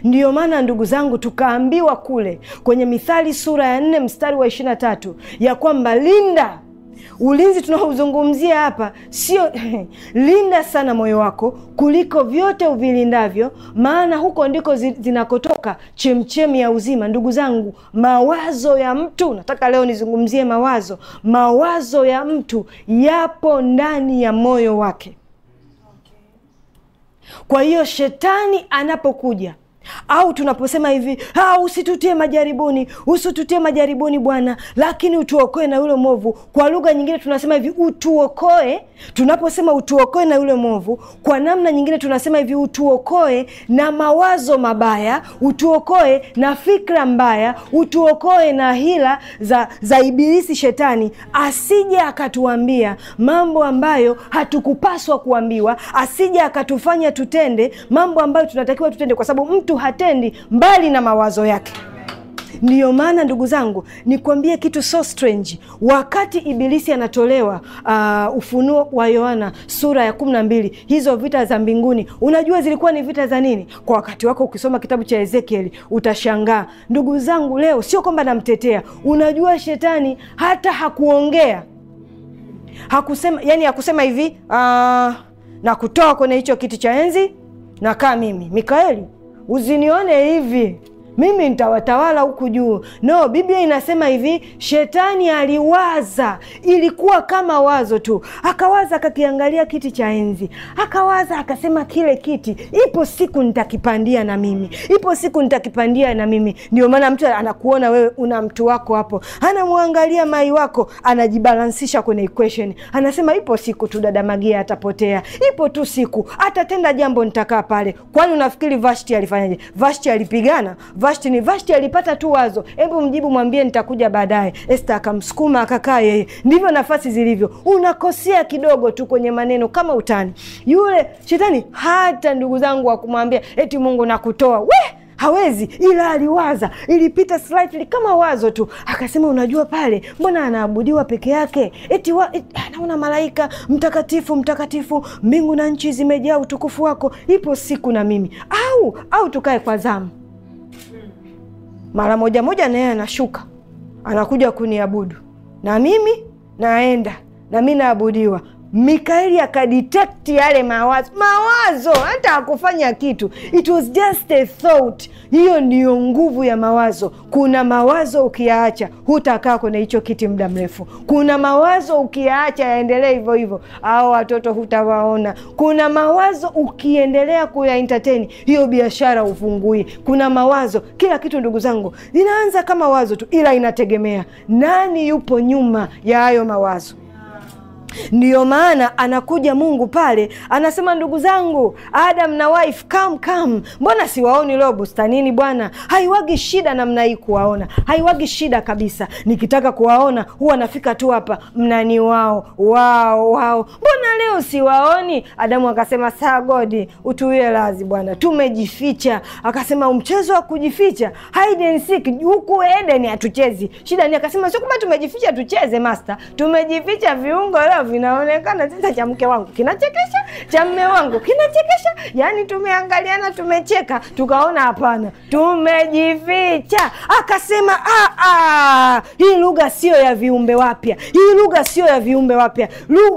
Ndiyo maana ndugu zangu, tukaambiwa kule kwenye Mithali sura ya nne mstari wa ishirini na tatu ya kwamba linda ulinzi tunaozungumzia hapa sio linda sana moyo wako kuliko vyote uvilindavyo, maana huko ndiko zinakotoka chemchemi ya uzima. Ndugu zangu, mawazo ya mtu, nataka leo nizungumzie mawazo. Mawazo ya mtu yapo ndani ya moyo wake. Kwa hiyo shetani anapokuja au tunaposema hivi usitutie majaribuni, usitutie majaribuni Bwana, lakini utuokoe na yule mwovu. Kwa lugha nyingine tunasema hivi utuokoe. Tunaposema utuokoe na yule mwovu, kwa namna nyingine tunasema hivi utuokoe na mawazo mabaya, utuokoe na fikra mbaya, utuokoe na hila za, za Ibilisi Shetani, asije akatuambia mambo ambayo hatukupaswa kuambiwa, asije akatufanya tutende mambo ambayo tunatakiwa tutende, kwa sababu mtu mtu hatendi mbali na mawazo yake. Ndiyo maana ndugu zangu, nikuambie kitu so strange. Wakati Ibilisi anatolewa uh, Ufunuo wa Yohana sura ya kumi na mbili, hizo vita za mbinguni, unajua zilikuwa ni vita za nini? Kwa wakati wako ukisoma kitabu cha Ezekieli utashangaa. Ndugu zangu, leo sio kwamba namtetea, unajua shetani hata hakuongea hakusema, yani hakusema hivi uh, na kutoa kwenye hicho kiti cha enzi nakaa mimi Mikaeli O Zinione Ive mimi nitawatawala huku juu. No, Biblia inasema hivi, shetani aliwaza, ilikuwa kama wazo tu, akawaza akakiangalia kiti cha enzi, akawaza akasema, kile kiti ipo siku nitakipandia na mimi, ipo siku nitakipandia na mimi. Ndio maana mtu anakuona wewe una mtu wako hapo, anamwangalia mai wako, anajibalansisha kwenye equation, anasema ipo siku tu dada Magia atapotea, ipo tu siku atatenda jambo nitakaa pale. Kwani unafikiri Vashti alifanyaje? Vashti alipigana? Vashti ni Vashti alipata tu wazo, hebu mjibu, mwambie nitakuja baadaye. Esta akamsukuma akakaa yeye. Ndivyo nafasi zilivyo, unakosea kidogo tu kwenye maneno kama utani. Yule shetani hata ndugu zangu wakumwambia eti Mungu nakutoa we hawezi ila aliwaza, ilipita slightly kama wazo tu, akasema unajua, pale mbona anaabudiwa peke yake? Eti wa, et, anaona ah, malaika mtakatifu mtakatifu, mbingu na nchi zimejaa utukufu wako, ipo siku na mimi au au tukae kwa zamu mara moja moja naye anashuka anakuja kuniabudu na mimi naenda na mi naabudiwa Mikaeli akadetect yale mawazo mawazo, hata hakufanya kitu, it was just a thought. Hiyo ndiyo nguvu ya mawazo. Kuna mawazo ukiyaacha, hutakaa kwenye hicho kiti muda mrefu. Kuna mawazo ukiyaacha yaendelee hivyo hivyo, au watoto hutawaona. Kuna mawazo ukiendelea kuya entertain, hiyo biashara ufungui. Kuna mawazo, kila kitu ndugu zangu, inaanza kama wazo tu, ila inategemea nani yupo nyuma ya hayo mawazo. Ndiyo maana anakuja Mungu pale anasema, ndugu zangu Adam na wife come come, mbona siwaoni leo bustanini bwana? Haiwagi shida namna hii kuwaona, haiwagi shida kabisa. Nikitaka kuwaona huwa nafika tu hapa, mnani wao wao wao, mbona leo siwaoni? Adamu akasema, saa godi utuwie lazi bwana, tumejificha. Akasema, mchezo wa kujificha hide and seek huku Edeni hatuchezi, shida ni. Akasema, sio kwamba tumejificha tucheze, master, tumejificha viungo leo vinaonekana sasa, cha mke wangu kinachekesha, cha mme wangu kinachekesha, yani tumeangaliana, tumecheka, tukaona hapana, tumejificha. Akasema ah, ah, hii lugha sio ya viumbe wapya, hii lugha sio ya viumbe wapya.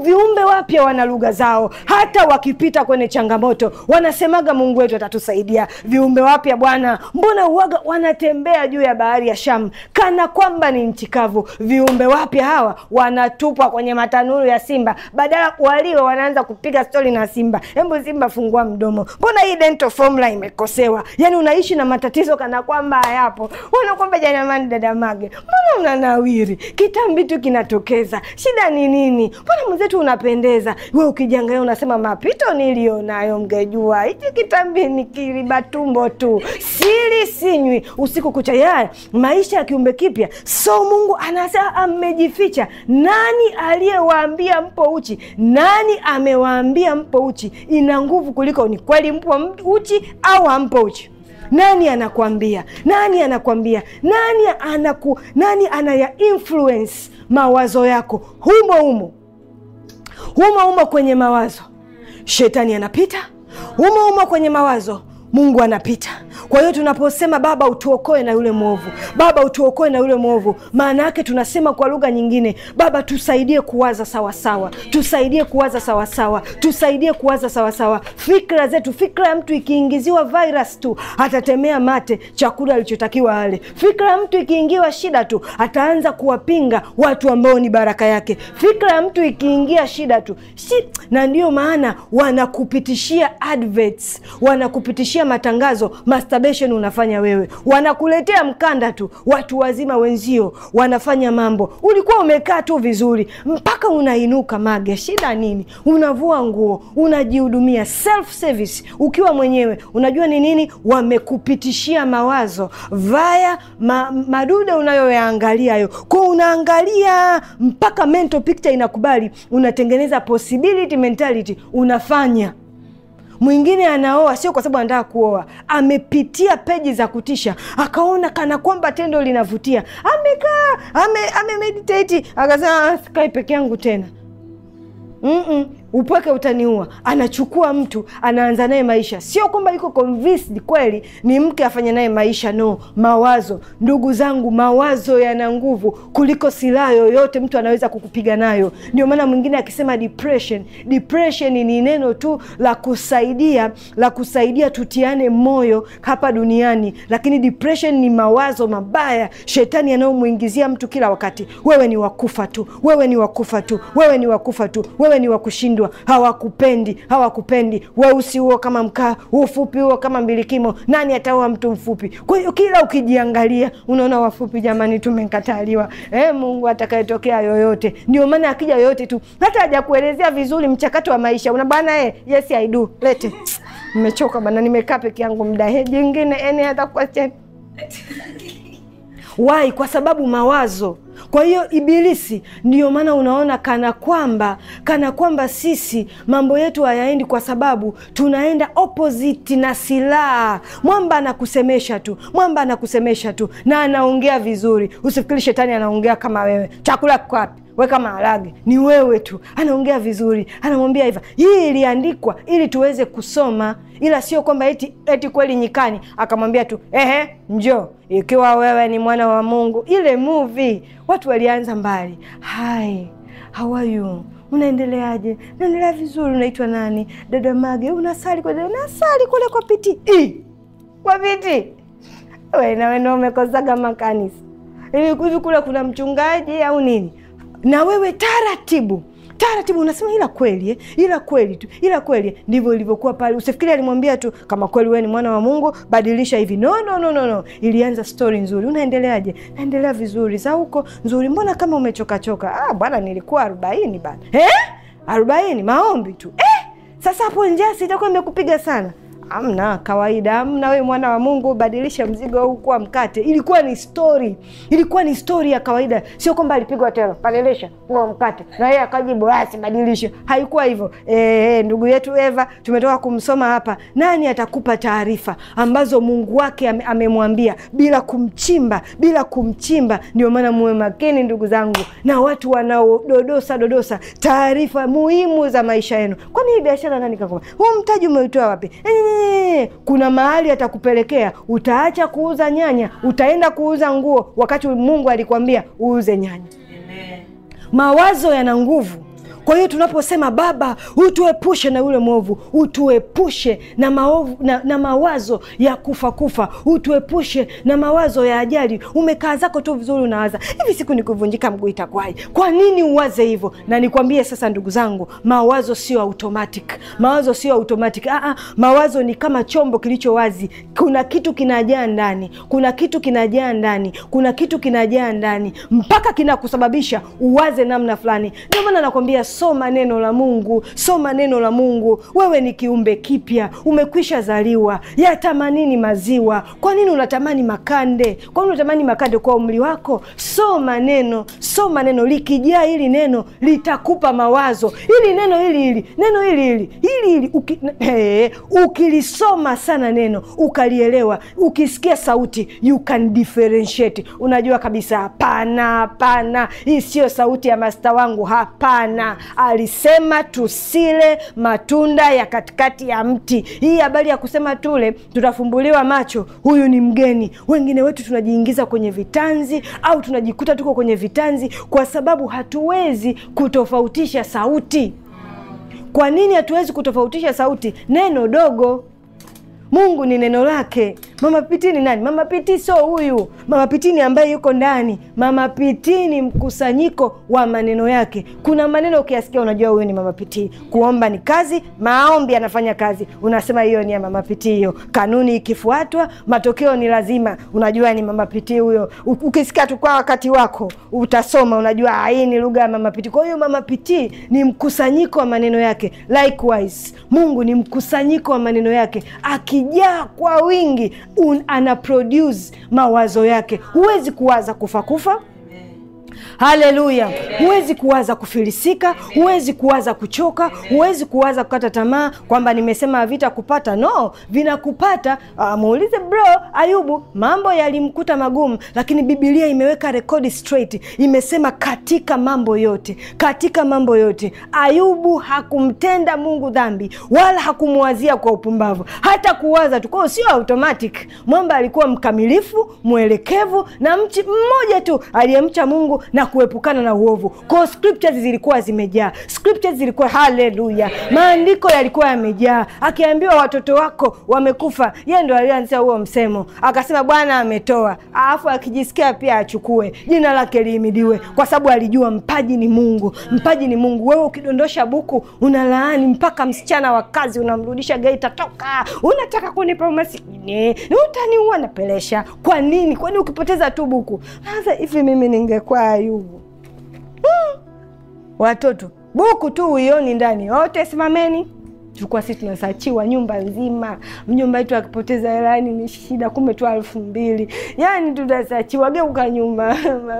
Viumbe wapya wana lugha zao, hata wakipita kwenye changamoto wanasemaga Mungu wetu atatusaidia. Viumbe wapya bwana, mbona uwaga wanatembea juu ya bahari ya Shamu kana kwamba ni nchi kavu. Viumbe wapya hawa wanatupwa kwenye matanuru ya Simba, badala waliwe wanaanza kupiga stori na Simba. Hebu Simba fungua mdomo, mbona hii dental formula imekosewa? Yani unaishi na matatizo kana kwamba hayapo. Wanakwamba jamani, dada Mage, mbona unanawiri kitambi tu kinatokeza, shida ni nini? Mbona mwenzetu unapendeza we, ukijangaa unasema mapito nilionayo mgejua, hichi kitambi ni kiriba tumbo tu, sili sinywi usiku kucha. Yaya, maisha ya kiumbe kipya. So Mungu anasema amejificha nani aliyewa amewaambia mpo uchi? Nani amewaambia mpo uchi? Ina nguvu kuliko ni kweli mpo uchi au ampo uchi. Nani anakwambia? Nani anakwambia? Nani anaku, nani anaya influence mawazo yako? Humo humo humo humo kwenye mawazo, shetani anapita. Humo humo kwenye mawazo, Mungu anapita kwa hiyo tunaposema Baba utuokoe na yule mwovu, Baba utuokoe na yule mwovu, maana yake tunasema kwa lugha nyingine, Baba tusaidie kuwaza sawasawa, tusaidie kuwaza sawasawa, tusaidie kuwaza sawasawa. Fikra zetu, fikra ya mtu ikiingiziwa virus tu atatemea mate chakula alichotakiwa ale. Fikra ya mtu ikiingiwa shida tu ataanza kuwapinga watu ambao ni baraka yake. Fikra ya mtu ikiingia shida tu shi, na ndiyo maana wanakupitishia adverts, wanakupitishia matangazo mas masturbation unafanya wewe, wanakuletea mkanda tu, watu wazima wenzio wanafanya mambo, ulikuwa umekaa tu vizuri mpaka unainuka mage. Shida nini? Unavua nguo, unajihudumia, self service ukiwa mwenyewe. Unajua ni nini? Wamekupitishia mawazo vaya ma, madude unayoyaangalia hayo, kwa unaangalia mpaka mental picture inakubali, unatengeneza possibility mentality, unafanya Mwingine anaoa sio kwa sababu anataka kuoa, amepitia peji za kutisha, akaona kana kwamba tendo linavutia, amekaa ame, ame meditate akasema ah, sikai peke yangu tena. Mm -mm upweke utaniua, anachukua mtu anaanza naye maisha. Sio kwamba yuko convinced kweli ni mke afanye naye maisha, no. Mawazo ndugu zangu, mawazo yana nguvu kuliko silaha yoyote mtu anaweza kukupiga nayo. Ndio maana mwingine akisema depression, depression ni neno tu la kusaidia la kusaidia tutiane moyo hapa duniani, lakini depression ni mawazo mabaya shetani anayomwingizia mtu kila wakati, wewe ni wakufa tu, wewe ni wakufa tu, wewe ni wakufa tu, wewe ni wakushindwa kuchukuliwa hawakupendi, hawakupendi weusi huo kama mkaa, ufupi huo kama mbilikimo. Nani ataoa mtu mfupi? Kwa hiyo kila ukijiangalia unaona wafupi, jamani, tumekataliwa. e, Mungu atakayetokea yoyote. Ndio maana akija yoyote tu, hata hajakuelezea vizuri mchakato wa maisha, una bwana e, yes I do, lete mmechoka bana, nimekaa peke yangu mda he jingine ene hata kwa wai Kwa sababu mawazo. Kwa hiyo ibilisi, ndiyo maana unaona kana kwamba kana kwamba sisi mambo yetu hayaendi, kwa sababu tunaenda opposite na silaha. Mwamba anakusemesha tu, mwamba anakusemesha tu, na anaongea vizuri. Usifikiri shetani anaongea kama wewe. Chakula kwapi weka maharage, ni wewe tu. Anaongea vizuri, anamwambia hivyo. hii iliandikwa ili tuweze kusoma, ila sio kwamba eti, eti kweli nyikani akamwambia tu ehe, njoo ikiwa wewe ni mwana wa Mungu. Ile movie watu walianza mbali, hai how are you Unaendeleaje? Naendelea vizuri. Unaitwa nani? Dada Mage. Unasali kule? Nasali kule kwa piti i e. kwa piti. E? Wewe na wewe umekosaga makanisa hivi kule, kuna mchungaji au nini? na wewe taratibu taratibu unasema ila kweli eh? ila kweli tu, ila kweli. Ndivyo ilivyokuwa pale. Usifikiri alimwambia tu kama kweli wewe ni mwana wa Mungu badilisha hivi. No, no, no, no, no. Ilianza stori nzuri. Unaendeleaje? Naendelea vizuri. Za huko nzuri, mbona kama umechokachoka? Ah, bwana nilikuwa arobaini bana. Eh? arobaini maombi tu eh? Sasa hapo njasi itakuwa imekupiga sana Amna kawaida, amna. We mwana wa Mungu, badilisha mzigo huu kuwa mkate. Ilikuwa ni story ilikuwa ni story ya kawaida, sio kwamba alipigwa tena badilisha huo mkate na yeye akajibu basi ah, badilisha. Haikuwa hivyo. E, ndugu yetu Eva tumetoka kumsoma hapa, nani atakupa taarifa ambazo Mungu wake amemwambia bila kumchimba, bila kumchimba? Ndio maana muwe makini ndugu zangu na watu wanaododosa dodosa taarifa muhimu za maisha yenu. Kwani hii biashara nani kakupa? Huu mtaji umeitoa wapi? E, Eh, kuna mahali atakupelekea, utaacha kuuza nyanya, utaenda kuuza nguo, wakati Mungu alikwambia uuze nyanya. Amen. Mawazo yana nguvu. Kwa hiyo tunaposema Baba, utuepushe na yule mwovu, utuepushe na, maovu, na, na mawazo ya kufa kufa, utuepushe na mawazo ya ajali. Umekaa zako tu vizuri, unawaza hivi, siku nikuvunjika mguu itakwai, Kwa nini uwaze hivyo? Na nikwambie sasa, ndugu zangu, mawazo sio automatic, mawazo sio automatic. Aa, ah, ah, mawazo ni kama chombo kilicho wazi. Kuna kitu kinajaa ndani, kuna kitu kinajaa ndani, kuna kitu kinajaa ndani mpaka kinakusababisha uwaze namna fulani. Ndio maana nakwambia soma neno la Mungu, soma neno la Mungu. Wewe ni kiumbe kipya, umekwisha zaliwa. Yatamanini maziwa. Kwa nini unatamani makande? Kwa nini unatamani makande kwa umri wako? Soma neno, soma neno. Likijaa hili neno litakupa mawazo. Hili neno hili hili neno hili hili hili hili uki, ukilisoma sana neno ukalielewa, ukisikia sauti you can differentiate, unajua kabisa hapana, hapana, hii siyo sauti ya masta wangu. Hapana, alisema tusile matunda ya katikati ya mti. Hii habari ya kusema tule, tutafumbuliwa macho, huyu ni mgeni. Wengine wetu tunajiingiza kwenye vitanzi au tunajikuta tuko kwenye vitanzi kwa sababu hatuwezi kutofautisha sauti. Kwa nini hatuwezi kutofautisha sauti? Neno dogo, Mungu ni neno lake Mama Pitini nani? Mama Pitini sio huyu. Mama Pitini ambaye yuko ndani. Mama Pitini mkusanyiko wa maneno yake. Kuna maneno ukiyasikia unajua huyu ni Mama Pitini. Kuomba ni kazi, maombi anafanya kazi. Unasema hiyo ni ya Mama Pitini hiyo. Kanuni ikifuatwa, matokeo ni lazima. Unajua ni Mama Pitini huyo. Ukisikia tu kwa wakati wako utasoma unajua ah, hii ni lugha ya Mama Pitini. Kwa hiyo Mama Pitini ni mkusanyiko wa maneno yake. Likewise, Mungu ni mkusanyiko wa maneno yake akijaa kwa wingi un, anaproduce mawazo yake. Huwezi kuwaza kufa kufa haleluya huwezi kuwaza kufilisika huwezi kuwaza kuchoka huwezi kuwaza kukata tamaa kwamba nimesema vita kupata no vinakupata uh, muulize bro ayubu mambo yalimkuta magumu lakini bibilia imeweka rekodi straight imesema katika mambo yote katika mambo yote ayubu hakumtenda mungu dhambi wala hakumwazia kwa upumbavu hata kuwaza tu kwao sio automatic mwamba alikuwa mkamilifu mwelekevu na mchi mmoja tu aliyemcha mungu na kuepukana na uovu. Kwa scriptures zilikuwa zimejaa, scriptures zilikuwa haleluya, maandiko yalikuwa yamejaa. Akiambiwa watoto wako wamekufa, yeye ndo alianzia huo msemo, akasema Bwana ametoa, alafu akijisikia pia achukue. Jina lake lihimidiwe, kwa sababu alijua mpaji ni Mungu, mpaji ni Mungu. Wewe ukidondosha buku unalaani mpaka msichana wa kazi unamrudisha Geita, toka unataka kunipa umasikini, utaniua napelesha. Kwa nini? Kwani ukipoteza tu buku? Sasa hivi mimi ningekuwa ayu Watoto buku tu uioni ndani, wote simameni. Tulikuwa sisi tunasachiwa nyumba nzima, mnyumba wetu akipoteza hela yani ni shida, kumbe tu elfu mbili yani tunasachiwa Geuka nyuma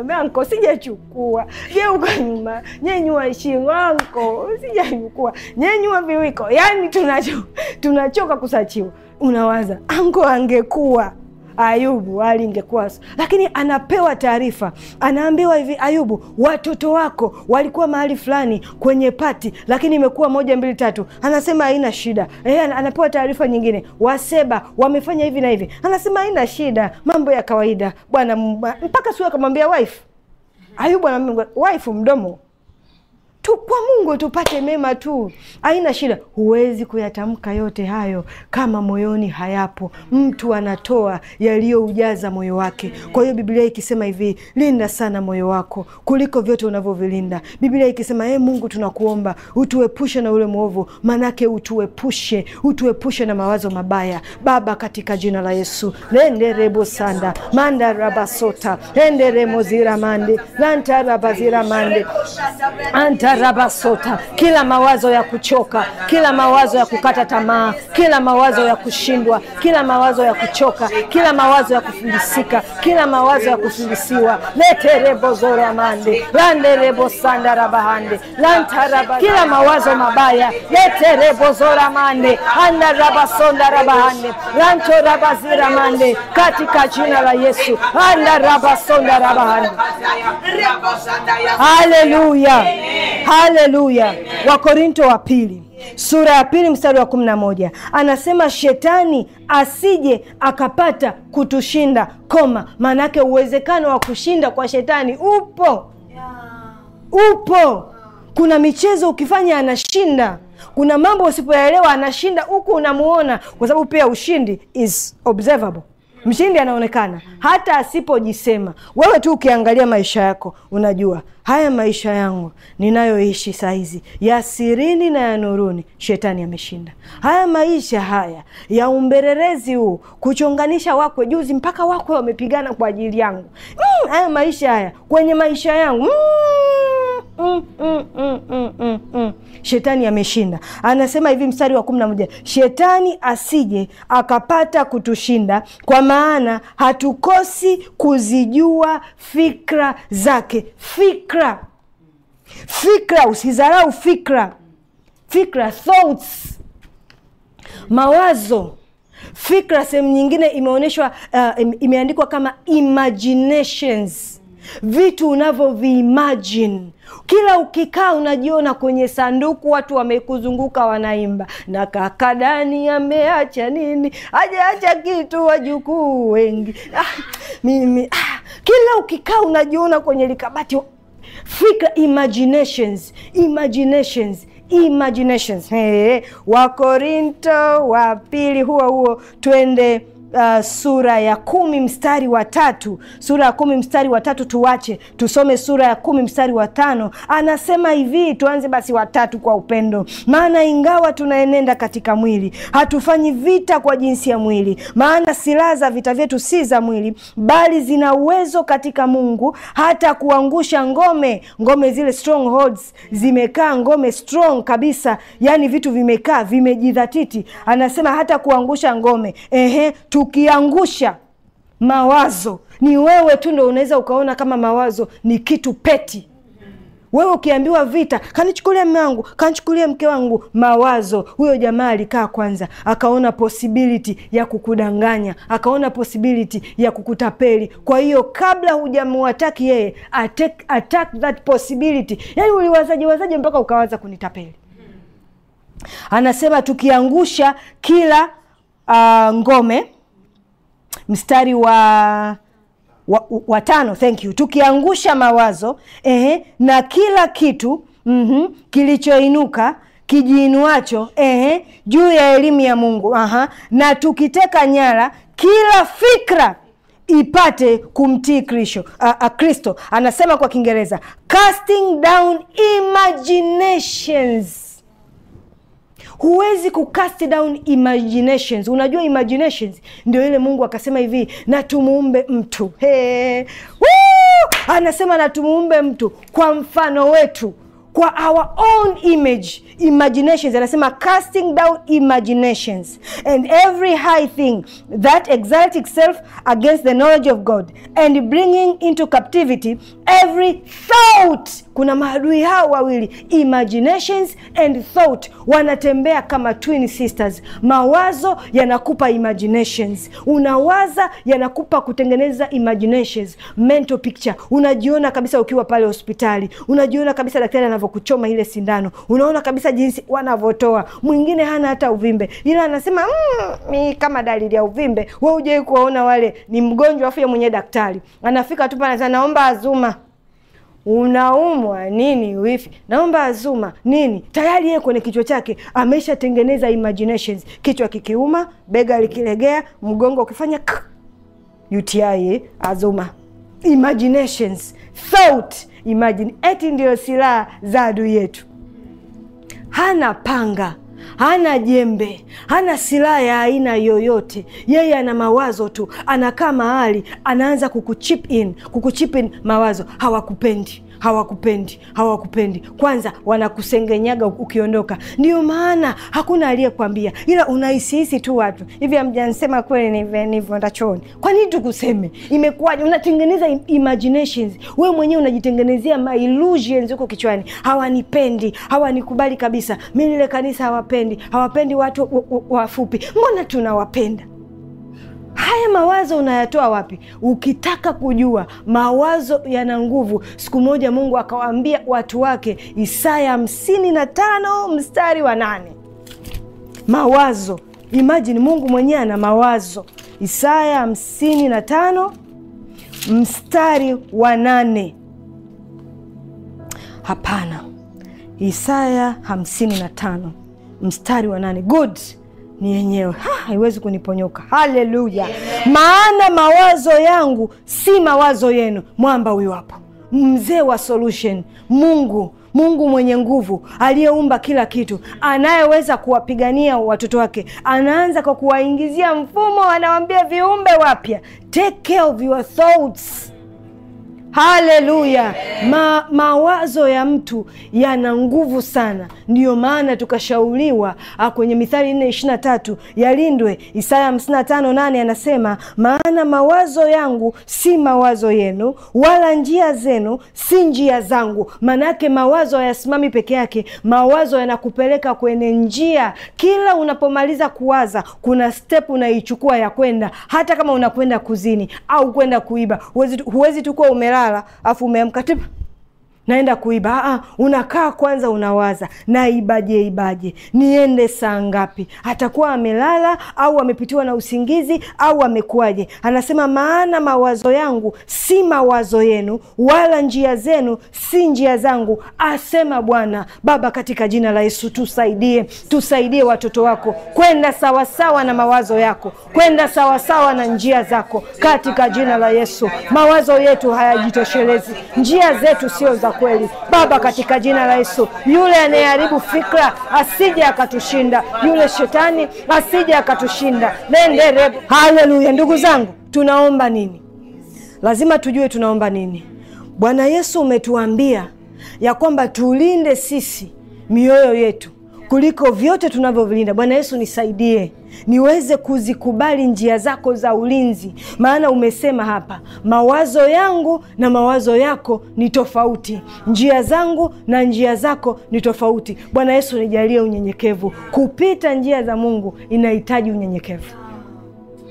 anko, sijachukua. Geuka nyuma, nyenyua shingo anko, sijachukua. Nyenyua viwiko, yani tunacho tunachoka kusachiwa. Unawaza anko angekuwa Ayubu hali ingekuwa, lakini anapewa taarifa, anaambiwa hivi, Ayubu, watoto wako walikuwa mahali fulani kwenye pati, lakini imekuwa moja mbili tatu. Anasema haina shida. E, anapewa taarifa nyingine, Waseba wamefanya hivi na hivi, anasema haina shida, mambo ya kawaida bwana, mpaka siku akamwambia wife Ayubu, wife mdomo tu kwa Mungu tupate mema tu, haina shida. Huwezi kuyatamka yote hayo kama moyoni hayapo. Mtu anatoa yaliyoujaza moyo wake. Kwa hiyo Biblia ikisema hivi, linda sana moyo wako kuliko vyote unavyovilinda. Biblia ikisema e, Mungu tunakuomba utuepushe na ule mwovu, manake utuepushe, utuepushe na mawazo mabaya Baba, katika jina la Yesu. rebo sanda mandarabasota enderemozira mande lantarabazira mande anta rabasota, kila mawazo ya kuchoka, kila mawazo ya kukata tamaa, kila mawazo ya kushindwa, kila mawazo ya kuchoka, kila mawazo ya kufilisika, kila mawazo ya kufilisiwa, leterebozoramande randerebosandarabaande lantaraba, kila mawazo mabaya leterebozoramande andarabasondarabahande mande katika jina la Yesu andarabasondarabahande. Haleluya. Haleluya. Wakorinto wa pili sura ya pili mstari wa kumi na moja anasema shetani asije akapata kutushinda koma. Maana yake uwezekano wa kushinda kwa shetani upo, upo. Kuna michezo ukifanya anashinda, kuna mambo usipoyaelewa anashinda, huku unamuona, kwa sababu pia ushindi is observable mshindi anaonekana hata asipojisema. Wewe tu ukiangalia maisha yako unajua haya maisha yangu ninayoishi saizi ya sirini na ya nuruni, shetani ameshinda. Haya maisha haya ya umbererezi huu, kuchonganisha wakwe, juzi mpaka wakwe wamepigana kwa ajili yangu. Mm, haya maisha haya kwenye maisha yangu mm. Mm, mm, mm, shetani ameshinda. Anasema hivi mstari wa kumi na moja, shetani asije akapata kutushinda, kwa maana hatukosi kuzijua fikra zake. Fikra, fikra, usizarau fikra, fikra, thoughts, mawazo Fikra sehemu nyingine imeonyeshwa uh, imeandikwa kama imaginations, vitu unavyoviimagine kila ukikaa unajiona kwenye sanduku, watu wamekuzunguka wanaimba, na kaka Dani ameacha nini? ajaacha kitu, wajukuu wengi ah, mimi ah, kila ukikaa unajiona kwenye likabati. fika imaginations imaginations imaginations. Hey, Wakorinto wa pili huo huo, twende Uh, sura ya kumi mstari wa tatu sura ya kumi mstari wa tatu tuwache tusome sura ya kumi mstari wa tano anasema hivi tuanze basi watatu kwa upendo maana ingawa tunaenenda katika mwili hatufanyi vita kwa jinsi ya mwili maana silaha za vita vyetu si za mwili bali zina uwezo katika Mungu hata kuangusha ngome ngome zile strongholds zimekaa ngome strong kabisa yani vitu vimekaa vimejidhatiti anasema hata kuangusha ngome ehe tukiangusha mawazo, ni wewe tu ndo unaweza ukaona kama mawazo ni kitu peti. Wewe ukiambiwa vita, kanichukulia mme wangu, kanichukulia mke wangu, mawazo. Huyo jamaa alikaa kwanza, akaona posibiliti ya kukudanganya, akaona posibiliti ya kukutapeli. Kwa hiyo kabla hujamuataki yeye, attack, that possibility. Yani uliwazaji wazaji mpaka ukawaza kunitapeli? Anasema tukiangusha kila uh, ngome mstari wa watano wa thank you tukiangusha mawazo ehe, na kila kitu mm-hmm, kilichoinuka kijiinuacho ehe, juu ya elimu ya Mungu aha, na tukiteka nyara kila fikra ipate kumtii Kristo. Kristo anasema kwa Kiingereza, casting down imaginations huwezi kucast down imaginations. Unajua imaginations ndio ile Mungu akasema hivi, na tumuumbe mtu hey. Anasema na tumuumbe mtu kwa mfano wetu kwa our own image imaginations anasema casting down imaginations and every high thing that exalt itself against the knowledge of god and bringing into captivity every thought kuna maadui hao wawili imaginations and thought wanatembea kama twin sisters mawazo yanakupa imaginations unawaza yanakupa kutengeneza imaginations mental picture unajiona kabisa ukiwa pale hospitali unajiona kabisa daktari anavyo wanavyokuchoma ile sindano, unaona kabisa jinsi wanavyotoa. Mwingine hana hata uvimbe, ila anasema mm, mi kama dalili ya uvimbe. We ujai kuwaona wale, ni mgonjwa afu mwenyewe daktari anafika tu pale, naomba Azuma unaumwa nini? Wifi, naomba Azuma nini? Tayari yeye kwenye kichwa chake ameshatengeneza imaginations, kichwa kikiuma, bega likilegea, mgongo ukifanya UTI Azuma imaginations, thought, imagine eti ndiyo silaha za adui yetu. Hana panga hana jembe, hana silaha ya aina yoyote. Yeye ana mawazo tu, anakaa mahali anaanza kukuchip in, kukuchip in mawazo. Hawakupendi, hawakupendi, hawakupendi. Kwanza wanakusengenyaga ukiondoka, ndio maana hakuna aliyekwambia, ila unahisihisi tu watu hivi, amjansema kweli nivyoenda chooni. Kwa nini tukuseme? Imekuwaje? Unatengeneza imaginations wewe mwenyewe, unajitengenezea ma illusions huko kichwani. Hawanipendi, hawanikubali kabisa, mi lile kanisa hawapendi, hawapendi watu wafupi. Mbona tunawapenda? Haya mawazo unayatoa wapi? Ukitaka kujua mawazo yana nguvu, siku moja Mungu akawaambia watu wake, Isaya hamsini na tano mstari wa nane. Mawazo, imajini, Mungu mwenyewe ana mawazo. Isaya hamsini na tano mstari wa nane. Hapana, Isaya hamsini na tano mstari wa nane. Good ni yenyewe, haiwezi kuniponyoka. Haleluya! Maana mawazo yangu si mawazo yenu. Mwamba huyu hapo, mzee wa solution, Mungu Mungu mwenye nguvu aliyeumba kila kitu, anayeweza kuwapigania watoto wake, anaanza kwa kuwaingizia mfumo, anawambia viumbe wapya, take care of your thoughts haleluya Ma, mawazo ya mtu yana nguvu sana ndiyo maana tukashauriwa ah, kwenye mithali 423 yalindwe isaya 558 anasema maana mawazo yangu si mawazo yenu wala njia zenu si njia zangu maanaake mawazo hayasimami peke yake mawazo yanakupeleka kwenye njia kila unapomaliza kuwaza kuna step unaichukua ya kwenda hata kama unakwenda kuzini au kwenda kuiba huwezi tu umelala umelala afu umeamka naenda kuiba. Aa, ah, ah, unakaa kwanza, unawaza naibaje, ibaje, niende saa ngapi? Atakuwa amelala au amepitiwa na usingizi au amekuwaje? Anasema, maana mawazo yangu si mawazo yenu, wala njia zenu si njia zangu, asema Bwana. Baba, katika jina la Yesu tusaidie, tusaidie watoto wako kwenda sawasawa na mawazo yako, kwenda sawasawa na njia zako, katika jina la Yesu. Mawazo yetu hayajitoshelezi, njia zetu sio za kweli. Baba, katika jina la Yesu, yule anayeharibu fikra asije akatushinda, yule shetani asije akatushinda. Nendere, haleluya. Ndugu zangu, tunaomba nini? Lazima tujue tunaomba nini. Bwana Yesu umetuambia ya kwamba tulinde sisi mioyo yetu kuliko vyote tunavyovilinda. Bwana Yesu, nisaidie niweze kuzikubali njia zako za ulinzi, maana umesema hapa, mawazo yangu na mawazo yako ni tofauti, njia zangu na njia zako ni tofauti. Bwana Yesu, nijalie unyenyekevu. Kupita njia za Mungu inahitaji unyenyekevu.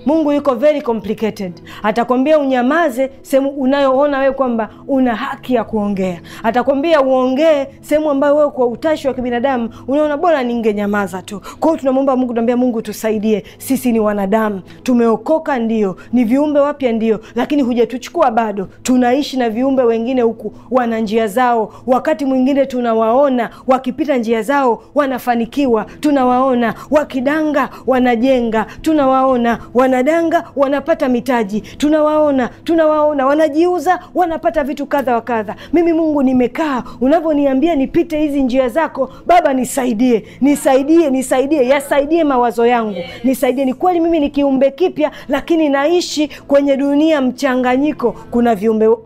Mungu yuko very complicated. Atakwambia unyamaze sehemu unayoona wewe kwamba una haki ya kuongea, atakwambia uongee sehemu ambayo wewe kwa utashi wa kibinadamu unaona bora ningenyamaza tu. Kwa hiyo tunamwomba Mungu, tunaambia Mungu tusaidie, sisi ni wanadamu, tumeokoka ndio, ni viumbe wapya ndio, lakini hujatuchukua bado. Tunaishi na viumbe wengine huku, wana njia zao, wakati mwingine tunawaona wakipita njia zao wanafanikiwa, tunawaona wakidanga wanajenga, tunawaona wana wanadanga wanapata mitaji, tunawaona tunawaona, wanajiuza wanapata vitu kadha wa kadha. Mimi Mungu nimekaa, unavyoniambia nipite hizi njia zako Baba, nisaidie nisaidie nisaidie, yasaidie mawazo yangu, nisaidie. Ni kweli mimi ni kiumbe kipya, lakini naishi kwenye dunia mchanganyiko. Kuna viumbe uh,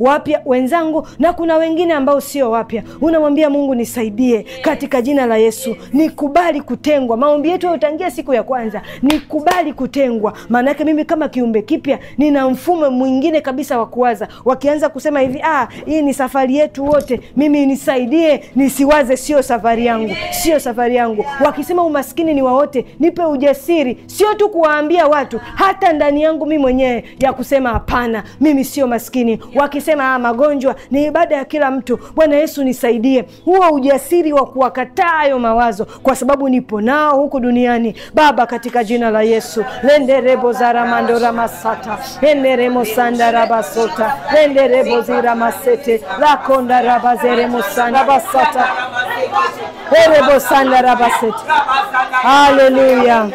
wapya wenzangu na kuna wengine ambao sio wapya. Unamwambia Mungu nisaidie, katika jina la Yesu nikubali kutengwa. Maombi yetu yatangia siku ya kwanza, nikubali kutengwa kufungwa Maana yake mimi kama kiumbe kipya nina mfumo mwingine kabisa wa kuwaza. Wakianza kusema hivi, ah, hii ni safari yetu wote, mimi nisaidie, nisiwaze sio safari yangu, sio safari yangu. Wakisema umaskini ni wa nipe ujasiri, sio tu kuwaambia watu, hata ndani yangu mimi mwenyewe ya kusema hapana, mimi sio maskini. Wakisema ah, magonjwa ni ibada ya kila mtu, Bwana Yesu nisaidie, huo ujasiri wa kuwakataa hayo mawazo, kwa sababu nipo nao huku duniani. Baba, katika jina la Yesu Lende renderebo mandora masata masete sandarabasota renderebo rabazere mosanda basata erebo rabasete haleluya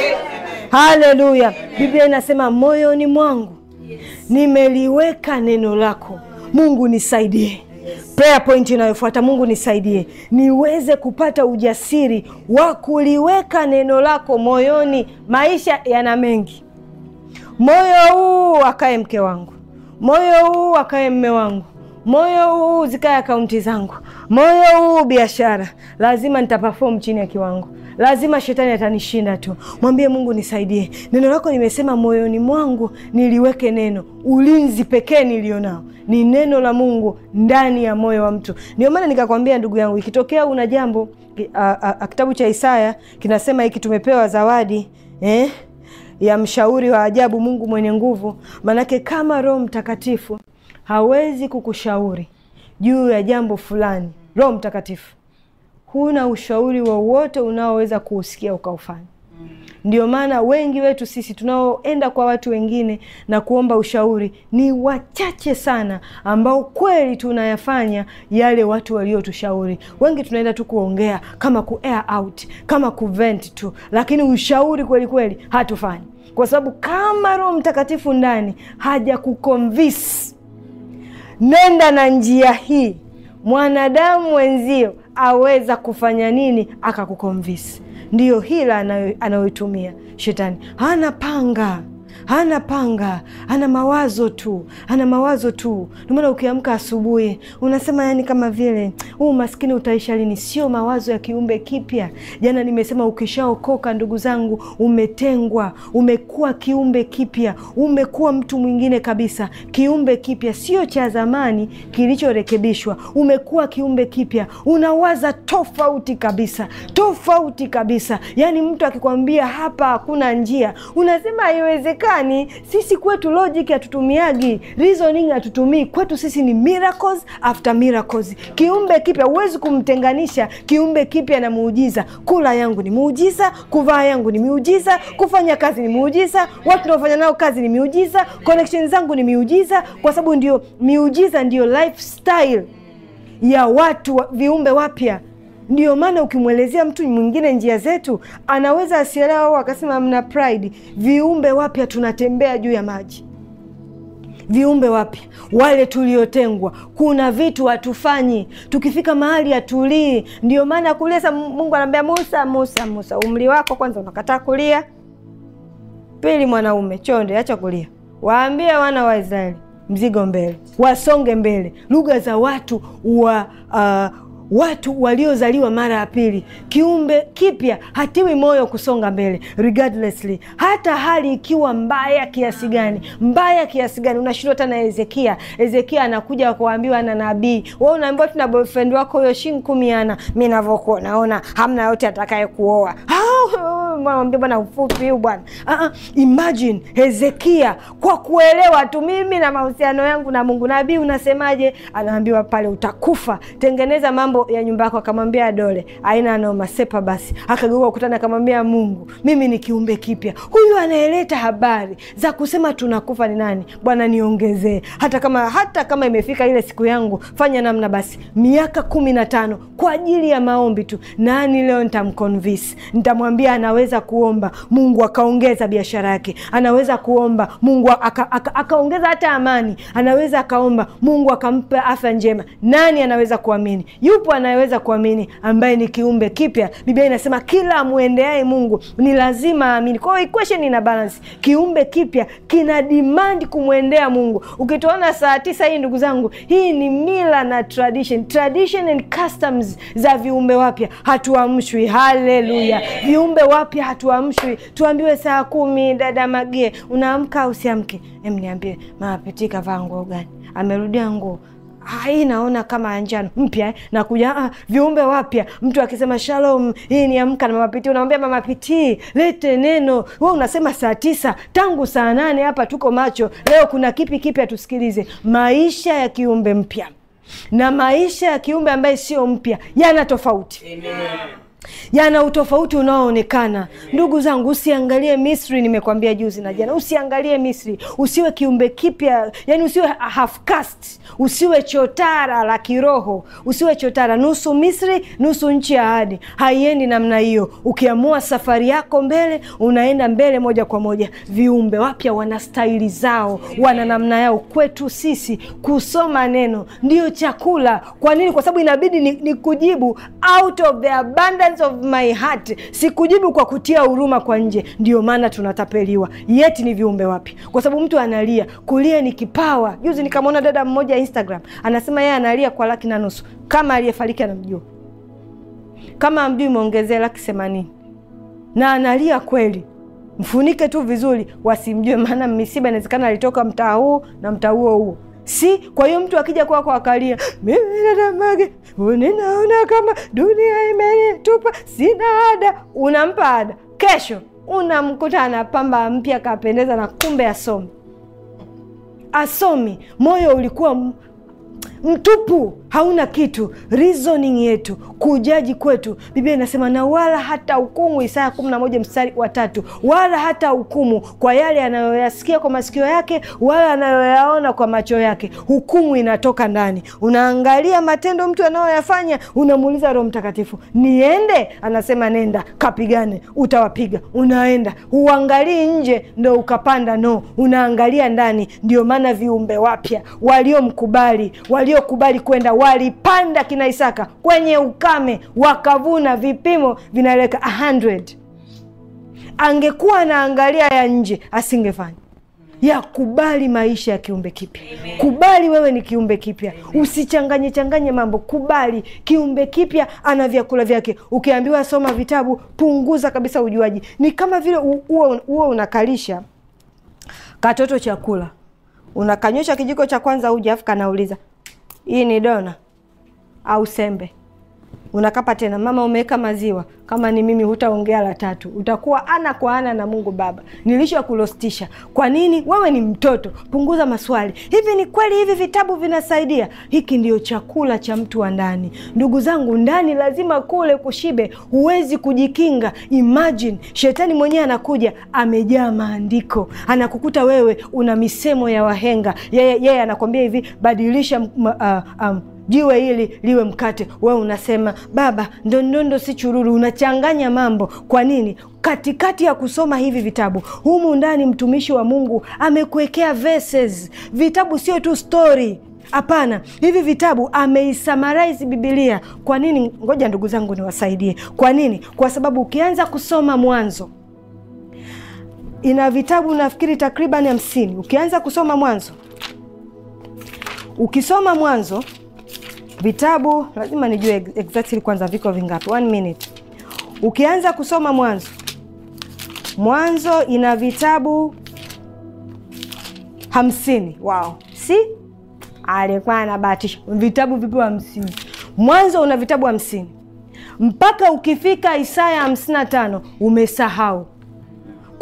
haleluya biblia inasema moyoni mwangu nimeliweka neno lako mungu nisaidie Prayer point inayofuata, Mungu nisaidie niweze kupata ujasiri wa kuliweka neno lako moyoni. Maisha yana mengi, moyo huu akae mke wangu, moyo huu akae mme wangu, moyo huu zikae akaunti zangu, moyo huu biashara, lazima nitaperform chini ya kiwango lazima shetani atanishinda tu. Mwambie Mungu nisaidie, neno lako limesema moyoni mwangu niliweke neno. Ulinzi pekee nilionao ni neno la Mungu ndani ya moyo wa mtu. Ndio maana nikakwambia ndugu yangu, ikitokea una jambo, kitabu cha Isaya kinasema hiki, tumepewa zawadi eh, ya mshauri wa ajabu, Mungu mwenye nguvu. Maanake kama Roho Mtakatifu hawezi kukushauri juu ya jambo fulani, Roho Mtakatifu huna ushauri wowote unaoweza kuusikia ukaufanya. Ndio maana wengi wetu sisi tunaoenda kwa watu wengine na kuomba ushauri ni wachache sana, ambao kweli tunayafanya yale watu waliotushauri. Wengi tunaenda tu kuongea kama ku air out, kama ku tu, lakini ushauri kweli kweli hatufanyi, kwa sababu kama Roho Mtakatifu ndani haja kukonvince, nenda na njia hii, mwanadamu wenzio aweza kufanya nini akakukomvisi Ndiyo hila anayoitumia shetani, hana panga hana panga, ana mawazo tu, ana mawazo tu. Ndio maana ukiamka asubuhi unasema yani, kama vile huu maskini utaisha lini? Sio mawazo ya kiumbe kipya. Jana nimesema ukishaokoka, ndugu zangu, umetengwa, umekuwa kiumbe kipya, umekuwa mtu mwingine kabisa, kiumbe kipya, sio cha zamani kilichorekebishwa. Umekuwa kiumbe kipya, unawaza tofauti kabisa, tofauti kabisa. Yani mtu akikwambia hapa hakuna njia, unasema haiwezekani Marekani sisi kwetu logic hatutumiagi, reasoning hatutumii. Kwetu sisi ni miracles after miracles. Kiumbe kipya huwezi kumtenganisha kiumbe kipya na muujiza. Kula yangu ni muujiza, kuvaa yangu ni miujiza, kufanya kazi ni muujiza, watu naofanya nao kazi ni miujiza, connection zangu ni miujiza, kwa sababu ndio miujiza, ndiyo lifestyle ya watu viumbe wapya. Ndio maana ukimwelezea mtu mwingine njia zetu anaweza asielewa, au akasema mna pride. Viumbe wapya tunatembea juu ya maji, viumbe wapya wale tuliotengwa. Kuna vitu hatufanyi, tukifika mahali hatulii. Ndio maana kulia, Mungu anaambia Musa, Musa, Musa, umri wako kwanza unakataa kulia, pili mwanaume chonde, acha kulia, waambie wana wa Israeli mzigo mbele, wasonge mbele, lugha za watu wa uh, watu waliozaliwa mara ya pili, kiumbe kipya hatiwi moyo kusonga mbele regardlessly, hata hali ikiwa mbaya kiasi gani, mbaya kiasi gani. Unashindwa hata na Hezekia. Hezekia anakuja kuambiwa na nabii, we unaambiwa tuna boyfriend wako huyo Shinkumiana, mi navyokuwa naona hamna yote atakaye kuoa mwambie bwana ufupi huu bwana. Uh, imagine Hezekia kwa kuelewa tu mimi na mahusiano yangu na Mungu. Nabii unasemaje? Anaambiwa pale, utakufa, tengeneza mambo ya nyumba yako, akamwambia dole, aina noma, sepa basi. Akageuka kukutana, akamwambia Mungu, mimi ni kiumbe kipya. Huyu anayeleta habari za kusema tunakufa ni nani? Bwana niongezee, hata kama hata kama imefika ile siku yangu, fanya namna basi. Miaka kumi na tano kwa ajili ya maombi tu. Nani leo nitamconvince, nitamwambia anaweza kuomba Mungu akaongeza biashara yake, anaweza kuomba Mungu akaongeza aka, aka hata amani, anaweza akaomba Mungu akampa afya njema. Nani anaweza kuamini? yupo yupo anayeweza kuamini, ambaye ni kiumbe kipya. Biblia inasema kila amwendeae Mungu ni lazima aamini. Kwa hiyo equation ina balance, kiumbe kipya kina dimandi kumwendea Mungu. Ukituona saa tisa hii, ndugu zangu, hii ni mila na tradition, tradition and customs za viumbe wapya. Hatuamshwi, haleluya! Viumbe wapya hatuamshwi. Tuambiwe saa kumi, dada Magie, unaamka usiamke? Em, niambie, vaa nguo gani? Amerudia nguo hii naona kama njano mpya eh? na kuja ah, viumbe wapya. Mtu akisema shalom, hii ni amka na mamapitii, unamwambia mamapitii, lete neno. We unasema saa tisa, tangu saa nane hapa tuko macho. Leo kuna kipi kipya? Tusikilize maisha ya kiumbe mpya na maisha ya kiumbe ambaye sio mpya yana tofauti. Amen yana utofauti unaoonekana. Ndugu zangu, usiangalie Misri, nimekwambia juzi na jana, usiangalie Misri, usiwe kiumbe kipya, yani usiwe half usiwe chotara la kiroho, usiwe chotara nusu Misri nusu nchi ya ahadi. Haiendi namna hiyo. Ukiamua safari yako mbele, unaenda mbele moja kwa moja. Viumbe wapya wana staili zao, wana namna yao. Kwetu sisi kusoma neno ndio chakula. Kwa nini? Kwa sababu inabidi ni, ni kujibu out of the abundance contents of my heart, sikujibu kwa kutia huruma kwa nje. Ndio maana tunatapeliwa, yeti ni viumbe wapi? Kwa sababu mtu analia, kulia ni kipawa. Juzi nikamwona dada mmoja Instagram anasema yeye analia kwa laki na nusu, kama aliyefariki anamjua, kama amjui mwongezee laki themanini, na analia kweli. Mfunike tu vizuri, wasimjue, maana misiba inawezekana alitoka mtaa huu na mtaa huo huo si kwa hiyo mtu akija kwako akalia, mimi natamage ninaona kama dunia imenitupa, sina ada, unampa ada. Kesho unamkuta ana pamba mpya kapendeza, na kumbe asomi asomi, moyo ulikuwa mtupu hauna kitu. Reasoning yetu kujaji kwetu, Biblia inasema na wala hata hukumu, Isaya 11 mstari wa tatu, wala hata hukumu kwa yale anayoyasikia kwa masikio yake, wala anayoyaona kwa macho yake. Hukumu inatoka ndani. Unaangalia matendo mtu anayoyafanya, unamuuliza Roho Mtakatifu, niende? Anasema nenda, kapigane, utawapiga. Unaenda, huangalii nje ndo ukapanda, no, unaangalia ndani. Ndio maana viumbe wapya waliomkubali, waliokubali kwenda walipanda kina Isaka kwenye ukame, wakavuna vipimo vinaeleka 100. Angekuwa anaangalia ya nje, asingefanya ya kubali maisha ya kiumbe kipya. Kubali wewe ni kiumbe kipya, usichanganye changanye mambo. Kubali kiumbe kipya, ana vyakula vyake. Ukiambiwa soma vitabu, punguza kabisa ujuaji. Ni kama vile huo unakalisha katoto chakula, unakanyosha kijiko cha kwanza uja, afu kanauliza hii ni dona au sembe? unakapa tena, mama, umeweka maziwa. Kama ni mimi, hutaongea la tatu, utakuwa ana kwa ana na Mungu Baba. Nilishakulostisha kwa nini? Wewe ni mtoto, punguza maswali. Hivi ni kweli hivi vitabu vinasaidia? Hiki ndio chakula cha mtu wa ndani, ndugu zangu. Ndani lazima kule kushibe, huwezi kujikinga. Imagine shetani mwenyewe anakuja amejaa maandiko, anakukuta wewe una misemo ya wahenga. Yeye anakwambia hivi, badilisha uh, um, jiwe hili liwe mkate, wewe unasema baba ndondondo si chururu. Unachanganya mambo. Kwa nini? Katikati ya kusoma hivi vitabu, humu ndani mtumishi wa Mungu amekuwekea verses. Vitabu sio tu story hapana. Hivi vitabu ameisamarize Bibilia. Kwa nini? Ngoja ndugu zangu niwasaidie. Kwa nini? Kwa sababu ukianza kusoma Mwanzo ina vitabu nafikiri takriban hamsini. Ukianza kusoma Mwanzo, ukisoma Mwanzo Vitabu lazima nijue exactly kwanza viko vingapi. One minute. Ukianza kusoma Mwanzo, Mwanzo ina vitabu hamsini. Wao si alikuwa anabahatisha vitabu vipo hamsini. Mwanzo una vitabu hamsini mpaka ukifika Isaya 55 tano umesahau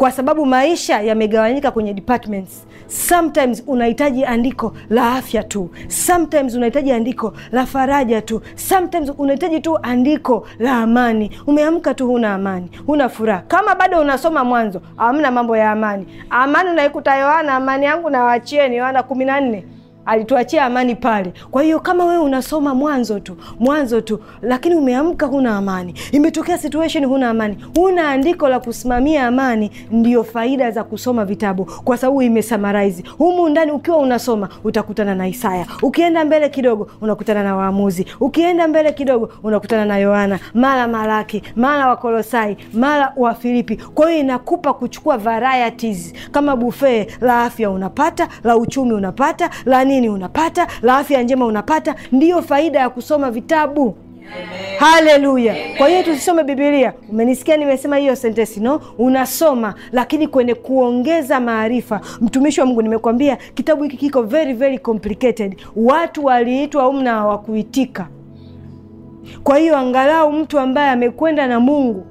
kwa sababu maisha yamegawanyika kwenye departments. Sometimes unahitaji andiko la afya tu, sometimes unahitaji andiko la faraja tu, sometimes unahitaji tu andiko la amani. Umeamka tu huna amani, huna furaha. Kama bado unasoma Mwanzo, hamna mambo ya amani. Amani unaikuta Yohana, amani yangu nawachieni, Yohana kumi na nne alituachia amani pale. Kwa hiyo kama wewe unasoma mwanzo tu mwanzo tu, lakini umeamka huna amani, imetokea situation huna amani, huna andiko la kusimamia amani, ndiyo faida za kusoma vitabu, kwa sababu imesamarize humu ndani. Ukiwa unasoma utakutana na Isaya, ukienda mbele kidogo unakutana na Waamuzi, ukienda mbele kidogo unakutana na Yohana, mara Malaki, mara Wakolosai, mara Wafilipi. Kwa hiyo inakupa kuchukua varieties kama buffet la afya unapata, la uchumi unapata, la nini unapata, la afya njema unapata. Ndiyo faida ya kusoma vitabu. Haleluya! Kwa hiyo tusisome Bibilia. Umenisikia nimesema hiyo sentesi No, unasoma lakini kwenye kuongeza maarifa. Mtumishi wa Mungu, nimekwambia kitabu hiki kiko very very complicated. Watu waliitwa umna hawakuitika. Kwa hiyo angalau mtu ambaye amekwenda na Mungu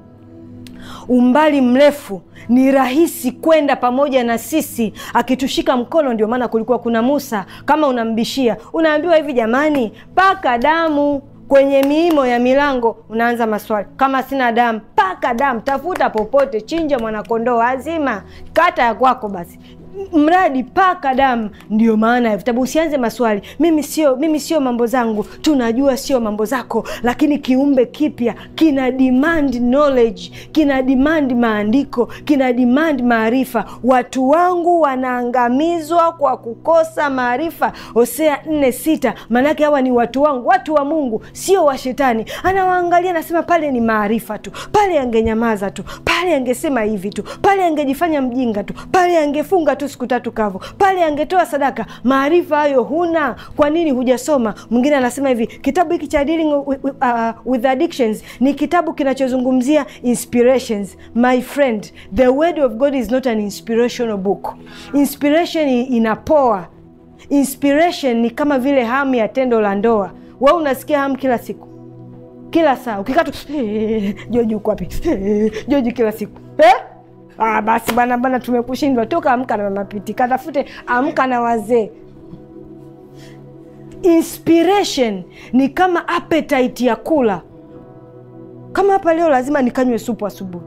umbali mrefu, ni rahisi kwenda pamoja na sisi akitushika mkono. Ndio maana kulikuwa kuna Musa, kama unambishia unaambiwa hivi, jamani, paka damu kwenye miimo ya milango, unaanza maswali. Kama sina damu, paka damu, tafuta popote, chinja mwanakondoo, azima kata ya kwako basi mradi paka damu. Ndio maana ya vitabu. Usianze maswali, mimi sio mimi sio mambo zangu, tunajua sio mambo zako. Lakini kiumbe kipya kina demand knowledge, kina demand maandiko, kina demand maarifa. Watu wangu wanaangamizwa kwa kukosa maarifa, Hosea nne sita. Maanake hawa ni watu wangu, watu wa Mungu, sio wa Shetani. Anawaangalia nasema pale ni maarifa tu, pale angenyamaza tu, pale angesema hivi tu, pale angejifanya mjinga tu, pale angefunga tu tatu siku tatu kavu pale, angetoa sadaka. Maarifa hayo huna, kwa nini hujasoma? Mwingine anasema hivi kitabu hiki cha dealing with uh, with addictions ni kitabu kinachozungumzia inspirations. My friend, the word of God is not an inspirational book. Inspiration inapoa. Inspiration ni kama vile hamu ya tendo la ndoa. Wewe unasikia hamu kila siku kila saa ukikaa tu Joji uko wapi? Joji kila siku eh? Ah, basi bwana bwana, tumekushindwa. Toka amka na mama Piti, katafute amka na wazee. Inspiration ni kama appetite ya kula. Kama hapa leo lazima nikanywe supu asubuhi.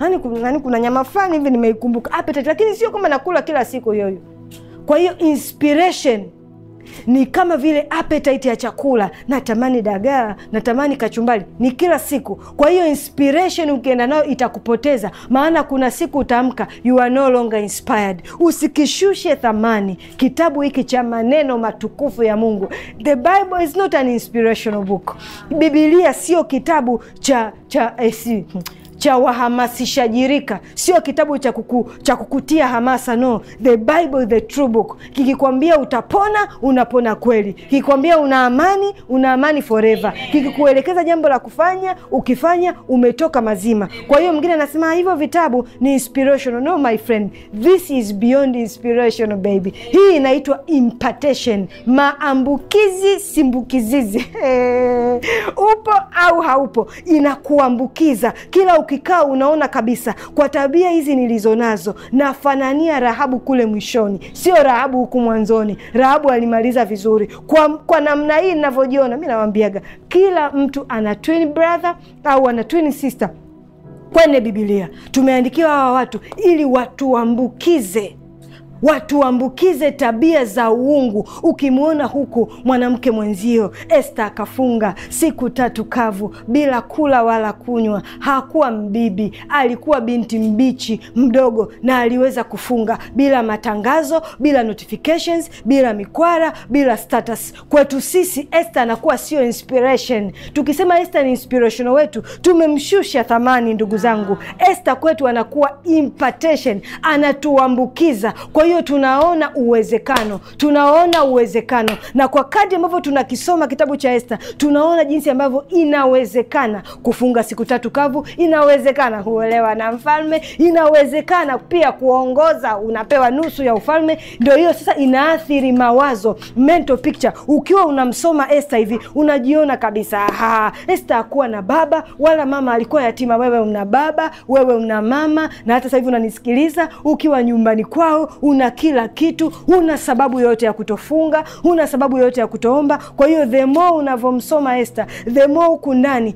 Yaani kuna, yaani kuna nyama fulani hivi nimeikumbuka appetite, lakini sio kama nakula kila siku hiyo. Kwa hiyo inspiration ni kama vile appetite ya chakula, natamani dagaa, natamani kachumbari, ni kila siku. Kwa hiyo inspiration ukienda nayo itakupoteza, maana kuna siku utaamka you are no longer inspired. Usikishushe thamani kitabu hiki cha maneno matukufu ya Mungu. The Bible is not an inspirational book. Biblia sio kitabu cha cha eh, cha wahamasishaji rika, sio kitabu cha, kuku, cha kukutia hamasa. No, the Bible the true book. Kikikwambia utapona unapona kweli, kikikwambia una amani una amani forever, kikikuelekeza jambo la kufanya ukifanya umetoka mazima. Kwa hiyo mwingine anasema hivyo vitabu ni inspirational. No my friend, this is beyond inspirational baby. Hii inaitwa impartation, maambukizi simbukizizi. Upo au haupo, inakuambukiza kila ukikaa unaona kabisa kwa tabia hizi nilizonazo nafanania Rahabu kule mwishoni, sio Rahabu huku mwanzoni. Rahabu alimaliza vizuri. Kwa, kwa namna hii ninavyojiona mi, nawambiaga kila mtu ana twin brother au ana twin sister. Kwenye Bibilia tumeandikiwa hawa watu ili watuambukize watuambukize tabia za uungu. Ukimwona huku mwanamke mwenzio, Esta akafunga siku tatu kavu bila kula wala kunywa. Hakuwa mbibi, alikuwa binti mbichi mdogo, na aliweza kufunga bila matangazo, bila notifications, bila mikwara, bila status. Kwetu sisi Esta anakuwa sio inspiration. Tukisema Esta ni inspirational wetu, tumemshusha thamani. Ndugu zangu, Esta kwetu anakuwa impartation, anatuambukiza kwa hiyo tunaona uwezekano, tunaona uwezekano, na kwa kadri ambavyo tunakisoma kitabu cha Esta tunaona jinsi ambavyo inawezekana kufunga siku tatu kavu, inawezekana kuolewa na mfalme, inawezekana pia kuongoza, unapewa nusu ya ufalme. Ndio hiyo sasa inaathiri mawazo, mental picture. Ukiwa unamsoma Esta hivi unajiona kabisa, aha, Esta hakuwa na baba wala mama, alikuwa yatima. Wewe una baba, wewe una mama, na hata sasa hivi unanisikiliza ukiwa nyumbani kwao una kila kitu, huna sababu yoyote ya kutofunga, huna sababu yoyote ya kutoomba. Kwa hiyo the more unavyomsoma Esta, the more huku ndani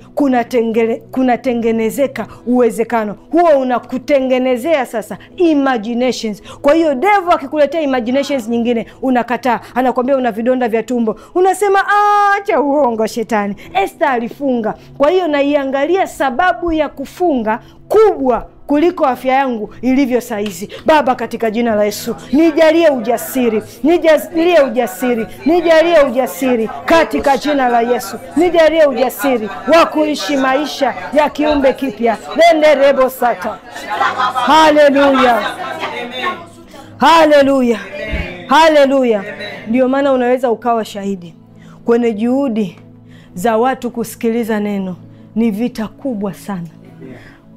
kunatengenezeka kuna uwezekano huo, unakutengenezea sasa imaginations. Kwa hiyo devo akikuletea imaginations nyingine unakataa, anakwambia una vidonda vya tumbo, unasema ah, acha uongo, shetani. Esta alifunga. Kwa hiyo naiangalia sababu ya kufunga kubwa kuliko afya yangu ilivyo saizi. Baba, katika jina la Yesu, nijalie ujasiri, nijalie ujasiri, nijalie ujasiri katika jina la Yesu, nijalie ujasiri wa kuishi maisha ya kiumbe kipya rebo sata. Haleluya, haleluya, haleluya. Ndio maana unaweza ukawa shahidi kwenye juhudi za watu kusikiliza neno. Ni vita kubwa sana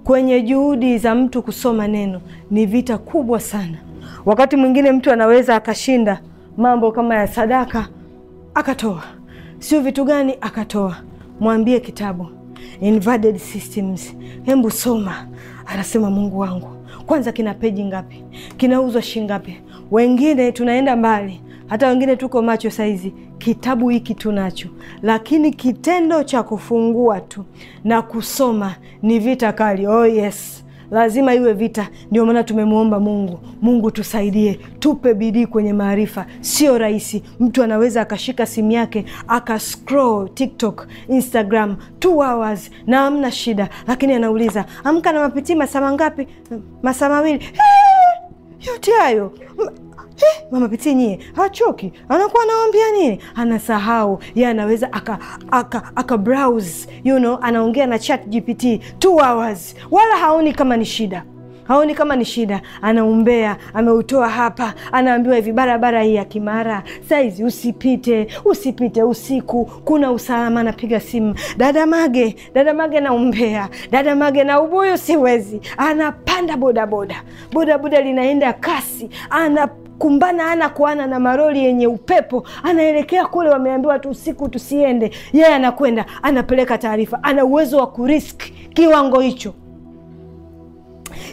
kwenye juhudi za mtu kusoma neno ni vita kubwa sana. Wakati mwingine mtu anaweza akashinda mambo kama ya sadaka akatoa, sio vitu gani akatoa. Mwambie kitabu Systems, hembu soma. Anasema Mungu wangu, kwanza kina peji ngapi? Kinauzwa shilingi ngapi? Wengine tunaenda mbali, hata wengine tuko macho saizi, kitabu hiki tunacho, lakini kitendo cha kufungua tu na kusoma ni vita kali. Oh yes, lazima iwe vita. Ndio maana tumemwomba Mungu, Mungu tusaidie, tupe bidii kwenye maarifa. Sio rahisi, mtu anaweza akashika simu yake aka scroll TikTok, Instagram two hours na hamna shida, lakini anauliza amka na mapitii masaa mangapi? Masaa mawili. Yote hayo Eh, mama piti nyie hachoki, anakuwa anaambia nini, anasahau yeye, anaweza aka, aka, aka browse you know, anaongea na chat GPT two hours wala haoni kama ni shida haoni kama ni shida, anaumbea ameutoa hapa, anaambiwa hivi, barabara hii ya Kimara saizi usipite, usipite usiku, kuna usalama. Anapiga simu dada Mage, dada Mage naumbea, dada Mage na ubuyu siwezi. Anapanda bodaboda, bodaboda linaenda kasi, anapanda kumbana ana kuana na maroli yenye upepo, anaelekea kule, wameambiwa tu usiku tusiende, yeye yeah, anakwenda anapeleka taarifa, ana uwezo wa kuriski kiwango hicho.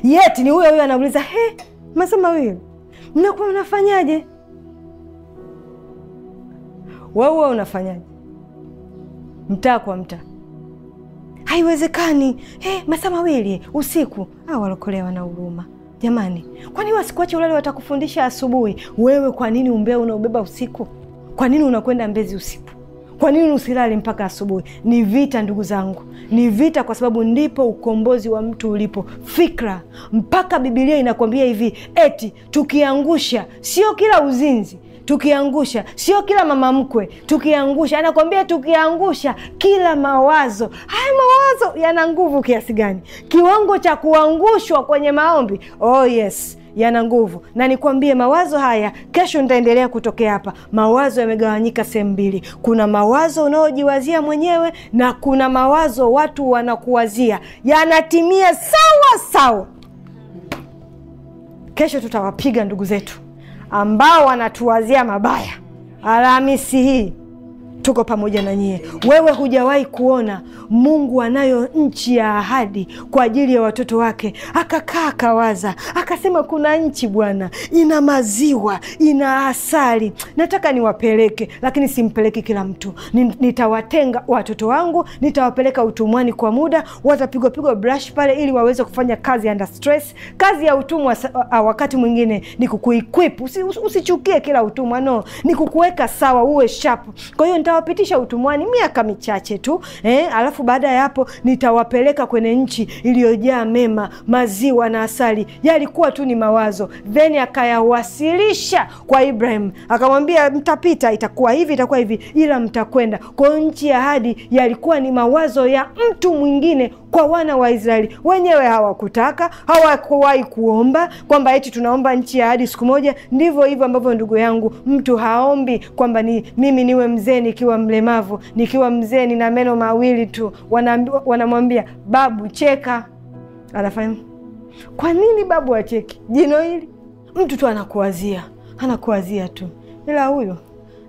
Yeti ni huyo huyo anauliza, he, masomo mawili mnakuwa mnafanyaje? Wewe unafanyaje? mtaa kwa mtaa Haiwezekani. Hey, masaa mawili usiku, walokolewa na huruma. Jamani, kwani wasikuache ulale, watakufundisha asubuhi. Wewe kwa nini umbea unaobeba usiku? Kwa nini unakwenda Mbezi usiku? Kwa nini usilali mpaka asubuhi? Ni vita ndugu zangu, ni vita, kwa sababu ndipo ukombozi wa mtu ulipo. Fikra mpaka Bibilia inakwambia hivi eti tukiangusha, sio kila uzinzi tukiangusha, sio kila mama mkwe, tukiangusha, anakwambia tukiangusha kila mawazo. Haya mawazo yana nguvu kiasi gani? Kiwango cha kuangushwa kwenye maombi, oh yes yana nguvu na nikwambie, mawazo haya kesho nitaendelea kutokea hapa. Mawazo yamegawanyika sehemu mbili, kuna mawazo unaojiwazia mwenyewe na kuna mawazo watu wanakuwazia, yanatimia sawa sawa. Kesho tutawapiga ndugu zetu ambao wanatuwazia mabaya Alhamisi hii tuko pamoja na nyie. Wewe hujawahi kuona Mungu anayo nchi ya ahadi kwa ajili ya watoto wake, akakaa akawaza, akasema kuna nchi bwana, ina maziwa ina asali, nataka niwapeleke, lakini simpeleki kila mtu. Nitawatenga watoto wangu, nitawapeleka utumwani kwa muda, watapigwapigwa brush pale, ili waweze kufanya kazi under stress. Kazi ya utumwa wakati mwingine ni kukuikwipu Usichukie usi kila utumwa, no, ni kukuweka sawa, uwe sharp. Kwa hiyo nitawapitisha utumwani miaka michache tu eh, alafu baada ya hapo nitawapeleka kwenye nchi iliyojaa mema, maziwa na asali. Yalikuwa tu ni mawazo, then akayawasilisha kwa Ibrahim, akamwambia mtapita, itakuwa hivi, itakuwa hivi, ila mtakwenda kwa nchi ya ahadi. Yalikuwa ni mawazo ya mtu mwingine kwa wana wa Israeli wenyewe. Hawakutaka, hawakuwahi kuomba kwamba eti tunaomba nchi ya ahadi siku moja. Ndivyo hivyo ambavyo, ndugu yangu, mtu haombi kwamba ni mimi niwe mzee nikiwa mlemavu, nikiwa mzee, nina meno mawili tu, wanamwambia babu, cheka. Anafanya kwa nini babu acheki jino hili? Mtu tu anakuwazia, anakuwazia tu, ila huyo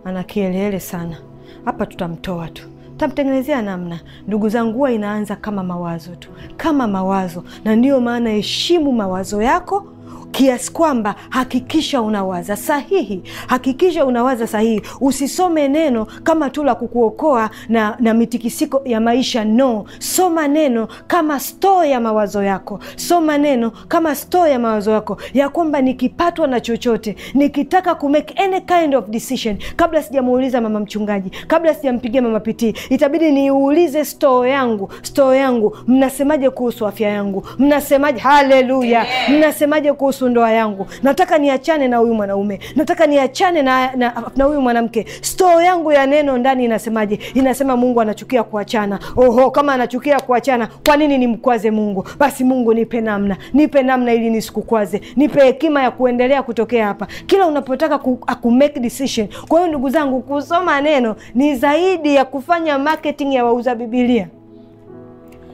ana kielele sana. Hapa tutamtoa tu tamtengenezea namna. Ndugu zangu, huwa inaanza kama mawazo tu, kama mawazo, na ndiyo maana heshimu mawazo yako kiasi kwamba hakikisha unawaza sahihi, hakikisha unawaza sahihi. Usisome neno kama tu la kukuokoa na, na mitikisiko ya maisha no. Soma neno kama stoo ya mawazo yako, soma neno kama stoo ya mawazo yako, ya kwamba nikipatwa na chochote, nikitaka ku make any kind of decision, kabla sijamuuliza mama mchungaji, kabla sijampigia mama pitii, itabidi niulize stoo yangu, stoo yangu, mnasemaje kuhusu afya yangu? Mnasemaje? Haleluya! mnasemaje kuhusu kuhusu ndoa yangu, nataka niachane na huyu mwanaume, nataka niachane na, na, na huyu mwanamke. Stoo yangu ya neno ndani inasemaje? Inasema Mungu anachukia kuachana. Oho, kama anachukia kuachana, kwa nini nimkwaze Mungu? Basi Mungu nipe namna, nipe namna ili nisikukwaze, nipe hekima ya kuendelea kutokea hapa, kila unapotaka ku, make decision. Kwa hiyo ndugu zangu, kusoma neno ni zaidi ya kufanya marketing ya wauza Biblia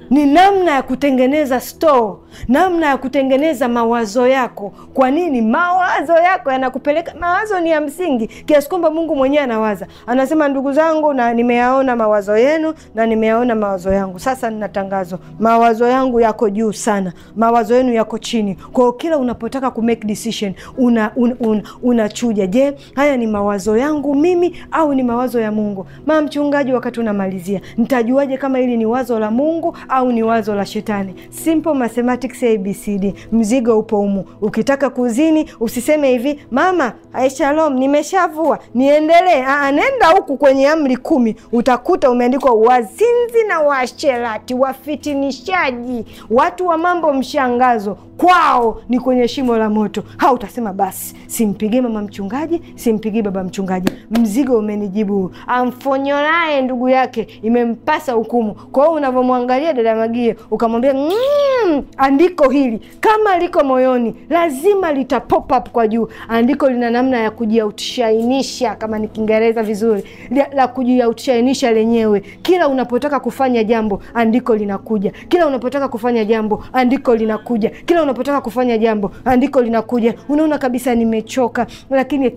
ni namna ya kutengeneza store, namna ya kutengeneza mawazo yako. Kwa nini mawazo yako yanakupeleka? Mawazo ni ya msingi kiasi kwamba Mungu mwenyewe anawaza, anasema, ndugu zangu, na nimeyaona mawazo yenu na nimeyaona mawazo yangu. Sasa nina tangazo, mawazo yangu yako juu sana, mawazo yenu yako chini. Kwa hiyo kila unapotaka ku make decision una, un, un, unachuja, je, haya ni mawazo yangu mimi au ni mawazo ya Mungu? Ma mchungaji, wakati unamalizia, nitajuaje kama hili ni wazo la Mungu au ni wazo la shetani. Simple mathematics ABCD, mzigo upo umu Ukitaka kuzini usiseme hivi, mama Shalom, nimeshavua niendelee. Ah, anenda huku kwenye amri kumi, utakuta umeandikwa wazinzi na washerati wafitinishaji, watu wa mambo mshangazo, kwao ni kwenye shimo la moto. Ha, utasema basi, simpigi mama mchungaji, simpigi baba mchungaji, mzigo umenijibu. Amfonyolae ndugu yake imempasa hukumu. Kwa hiyo unavyomwangalia magie ukamwambia mmm, andiko hili kama liko moyoni lazima lita pop up kwa juu. Andiko lina namna ya kujiautshainisha, kama ni Kiingereza vizuri, la kujiautshainisha lenyewe. Kila unapotaka kufanya jambo, andiko linakuja. Kila unapotaka kufanya jambo, andiko linakuja. Kila unapotaka kufanya jambo, andiko linakuja. Unaona kabisa nimechoka, lakini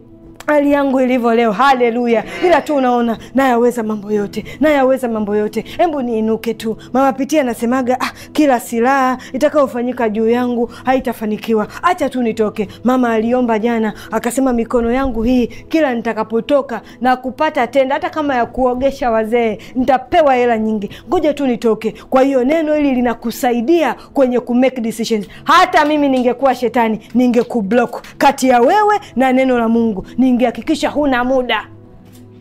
hali yangu ilivyo leo, haleluya! Ila tu unaona, nayaweza mambo yote, nayaweza mambo yote. Hebu niinuke tu. Mama Pitia anasemaga ah, kila silaha itakayofanyika juu yangu haitafanikiwa, acha tu nitoke. Mama aliomba jana akasema, mikono yangu hii kila nitakapotoka na kupata tenda, hata kama ya kuogesha wazee, nitapewa hela nyingi, ngoja tu nitoke. Kwa hiyo neno hili linakusaidia kwenye ku make decisions. Hata mimi ningekuwa shetani ningekublock kati ya wewe na neno la Mungu Ni ningehakikisha huna muda,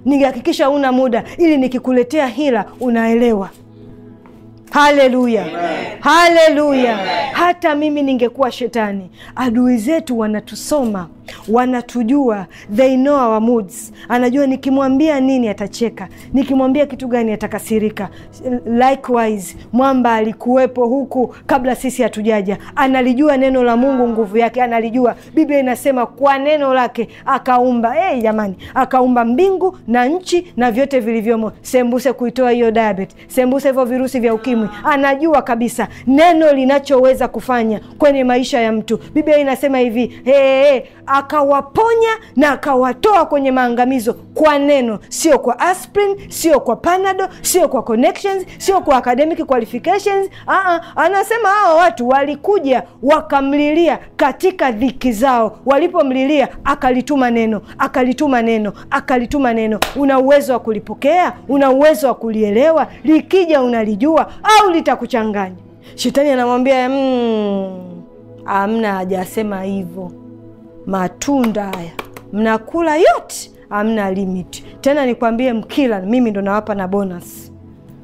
ningehakikisha huna muda ili nikikuletea hila unaelewa. Haleluya, haleluya! Hata mimi ningekuwa shetani, adui zetu wanatusoma wanatujua, they know our moods. Anajua nikimwambia nini atacheka, nikimwambia kitu gani atakasirika. Likewise, mwamba alikuwepo huku kabla sisi hatujaja, analijua neno la Mungu, nguvu yake analijua. Biblia inasema kwa neno lake akaumba. Hey, jamani, akaumba mbingu na nchi na vyote vilivyomo, sembuse kuitoa hiyo diabetes, sembuse hivyo virusi vya ukimwi. Anajua kabisa neno linachoweza kufanya kwenye maisha ya mtu. Biblia inasema hivi hey, hey, akawaponya na akawatoa kwenye maangamizo kwa neno, sio kwa aspirin, sio kwa panado, sio kwa connections, sio kwa academic qualifications. Aa, anasema hawa watu walikuja wakamlilia katika dhiki zao, walipomlilia akalituma neno, akalituma neno, akalituma neno. Una uwezo wa kulipokea, una uwezo wa kulielewa, likija unalijua au litakuchanganya. Shetani anamwambia mm, amna hajasema hivyo matunda haya mnakula yote, hamna limiti tena. Nikwambie, mkila mimi ndo nawapa na bonus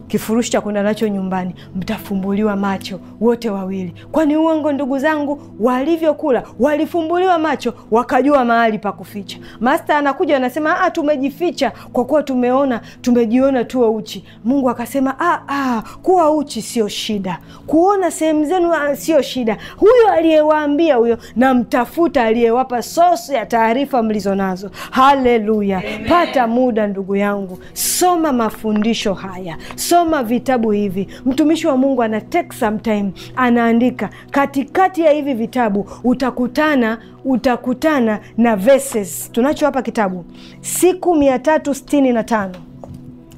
kifurushi cha kwenda nacho nyumbani, mtafumbuliwa macho wote wawili. Kwani uongo, ndugu zangu, walivyokula walifumbuliwa macho, wakajua mahali pa kuficha. Masta anakuja anasema, ah, tumejificha kwa kuwa tumeona, tumejiona tu uchi. Mungu akasema, ah, ah, kuwa uchi sio shida, kuona sehemu zenu ah, sio shida. Huyo aliyewaambia huyo na mtafuta aliyewapa sosu ya taarifa mlizo nazo. Haleluya! Pata muda ndugu yangu, soma mafundisho haya so soma vitabu hivi. Mtumishi wa Mungu ana take some time, anaandika. Katikati ya hivi vitabu utakutana utakutana na verses. Tunacho hapa kitabu siku mia tatu na tano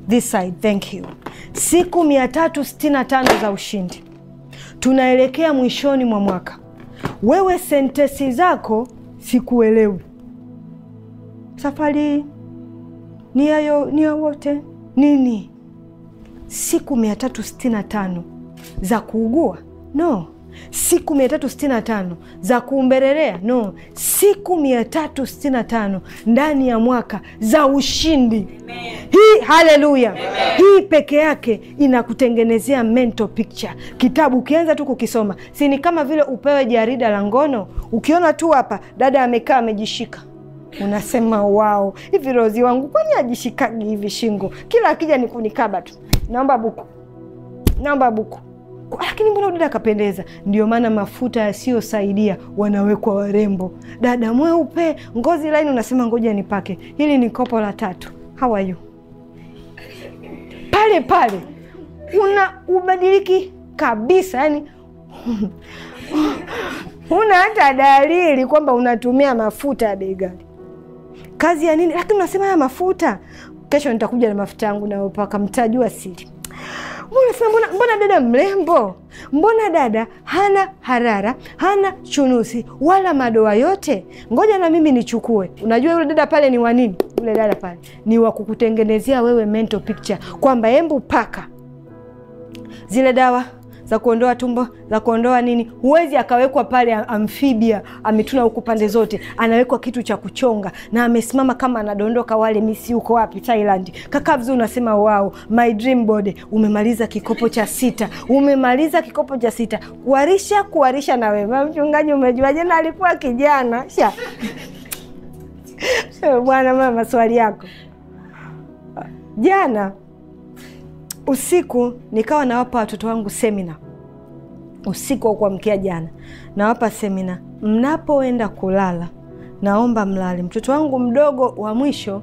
this side, thank you. Siku mia tatu na tano za ushindi. Tunaelekea mwishoni mwa mwaka. Wewe sentesi zako sikuelewi. Safari ni yayo ni ya wote nini? siku 365 za kuugua? No. Siku 365 za kuumbelelea? No. Siku 365 ndani ya mwaka za ushindi. Amen. Hii haleluya, hii peke yake inakutengenezea mental picture. Kitabu ukianza tu kukisoma, si ni kama vile upewe jarida la ngono, ukiona tu hapa dada amekaa amejishika Unasema wao hivi, Rozi wangu kwani ajishikagi hivi shingo? Kila akija ni kunikaba tu, naomba buku, naomba buku. Lakini mbona dada akapendeza Ndio maana mafuta yasiyosaidia wanawekwa warembo, dada mweupe, ngozi laini. Unasema ngoja nipake, hili ni kopo la tatu. How are you? Pale pale una ubadiliki kabisa, yani huna hata dalili kwamba unatumia mafuta ya bei ghali kazi ya nini? Lakini unasema haya mafuta, kesho nitakuja na mafuta yangu nayopaka, mtajua siri. mbona, mbona dada mrembo, mbona dada hana harara, hana chunusi wala madoa yote, ngoja na mimi nichukue. Unajua yule dada pale ni wa nini? Yule dada pale ni wa kukutengenezea wewe mental picture kwamba embu paka zile dawa za kuondoa tumbo za kuondoa nini, huwezi akawekwa pale amfibia ametuna huku pande zote, anawekwa kitu cha kuchonga na amesimama kama anadondoka wale misi huko wapi Thailand. Kaka unasema wao my dream body, umemaliza kikopo cha sita, umemaliza kikopo cha sita, kuarisha kuarisha. Na wewe mchungaji, umejua jana alikuwa kijana sha bwana mama, swali yako jana usiku nikawa nawapa watoto wangu semina usiku wa kuamkia jana, nawapa semina, mnapoenda kulala naomba mlale. Mtoto wangu mdogo wa mwisho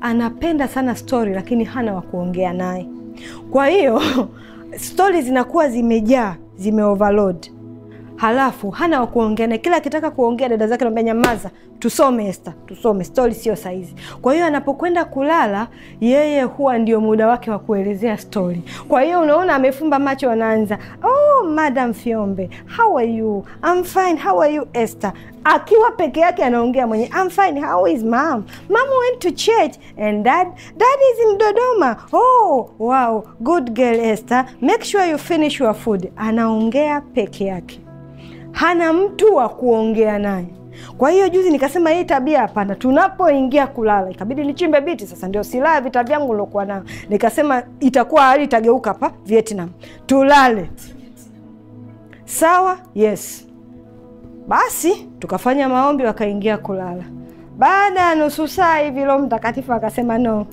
anapenda sana stori, lakini hana wa kuongea naye, kwa hiyo stori zinakuwa zimejaa, zime halafu hana wa kuongea na kila akitaka kuongea dada zake anambia nyamaza, tusome Esta, tusome stori sio saizi. Kwa hiyo anapokwenda kulala yeye huwa ndio muda wake wa kuelezea stori. Kwa hiyo unaona amefumba macho, anaanza oh, madam Fiombe, how are you? I'm fine, how are you Esta? Akiwa peke yake anaongea mwenye I'm fine, how is mom? Mom went to church and dad, dad is in Dodoma. Oh, wow, good girl Esta, make sure you finish your food. Anaongea peke yake hana mtu wa kuongea naye. Kwa hiyo juzi nikasema hii tabia hapana, tunapoingia kulala ikabidi nichimbe biti. Sasa ndio silaha vita vyangu nilokuwa nayo, nikasema itakuwa hali itageuka hapa Vietnam, tulale sawa, yes. Basi tukafanya maombi, wakaingia kulala. Baada ya nusu saa hivi Roho Mtakatifu akasema no,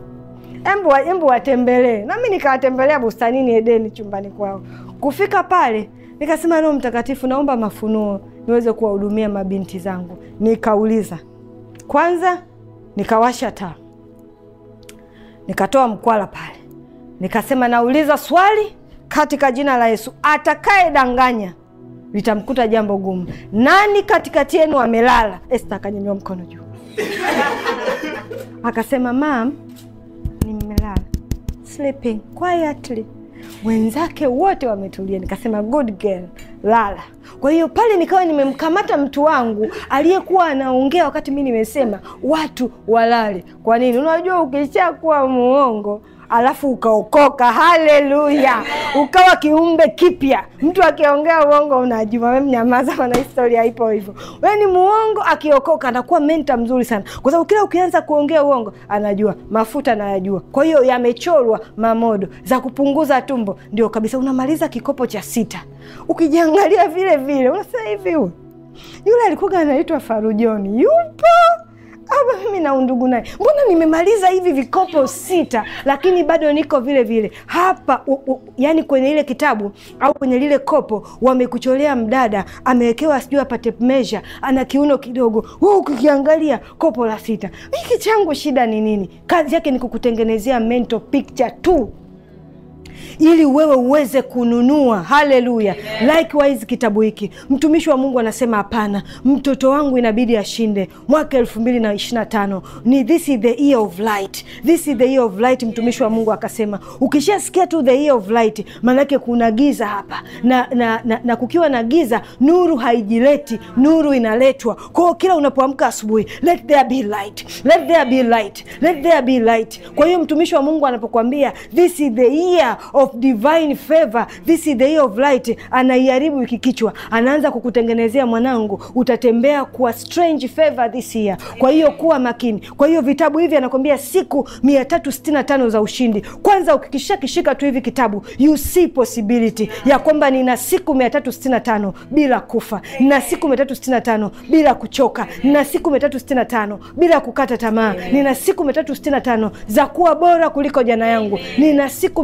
embu watembelee. Nami nikawatembelea bustanini Edeni, chumbani kwao. Kufika pale Nikasema Roho Mtakatifu, naomba mafunuo niweze kuwahudumia mabinti zangu. Nikauliza kwanza, nikawasha taa, nikatoa mkwala pale, nikasema nauliza swali katika jina la Yesu, atakaye danganya litamkuta jambo gumu. Nani katikati yenu amelala? Esta akanyanyua mkono juu akasema, mam, nimelala sleeping quietly wenzake wote wametulia, nikasema good girl, lala. Kwa hiyo pale nikawa nimemkamata mtu wangu aliyekuwa anaongea wakati mi nimesema watu walale. Kwa nini? Unajua ukishakuwa muongo alafu ukaokoka. Haleluya! ukawa kiumbe kipya. Mtu akiongea uongo unajua, we mnyamaza, maana historia ipo hivyo. We ni muongo, akiokoka anakuwa menta mzuri sana, kwa sababu kila ukianza kuongea uongo anajua, mafuta anayajua, kwa hiyo yamechorwa mamodo za kupunguza tumbo, ndio kabisa unamaliza kikopo cha sita. Ukijiangalia vile vile unasema hivi, yule alikuwa anaitwa Farujoni yupo Aba mimi na undugu naye, mbona nimemaliza hivi vikopo sita, lakini bado niko vile vile hapa u, u, yani kwenye ile kitabu au kwenye lile kopo wamekucholea mdada amewekewa sijui tape measure, ana kiuno kidogo. Wewe ukikiangalia kopo la sita, hiki changu shida ni nini? Kazi yake ni kukutengenezea mental picture tu ili wewe uweze kununua. Haleluya! Likewise, kitabu hiki mtumishi wa Mungu anasema hapana, mtoto wangu inabidi ashinde. Mwaka elfu mbili na ishirini na tano ni this is the year of light, this is the year of light. Mtumishi wa Mungu akasema ukishasikia tu the year of light, maanake kuna giza hapa na, na, na, na kukiwa na giza, nuru haijileti, nuru inaletwa kwao. Kila unapoamka asubuhi, let there be light, let there be light, let there be light. Kwa hiyo mtumishi wa Mungu anapokuambia this is the year of divine favor. This is the year of light. Anaiharibu ikikichwa, anaanza kukutengenezea mwanangu, utatembea kwa strange favor this year. Kwa hiyo kuwa makini. Kwa hiyo vitabu hivi anakwambia siku 365 za ushindi. Kwanza ukikisha kishika tu hivi kitabu, you see possibility ya kwamba nina siku 365 bila kufa, nina siku 365 bila kuchoka, nina siku 365 bila kukata tamaa, nina siku 365 za kuwa bora kuliko jana yangu, nina siku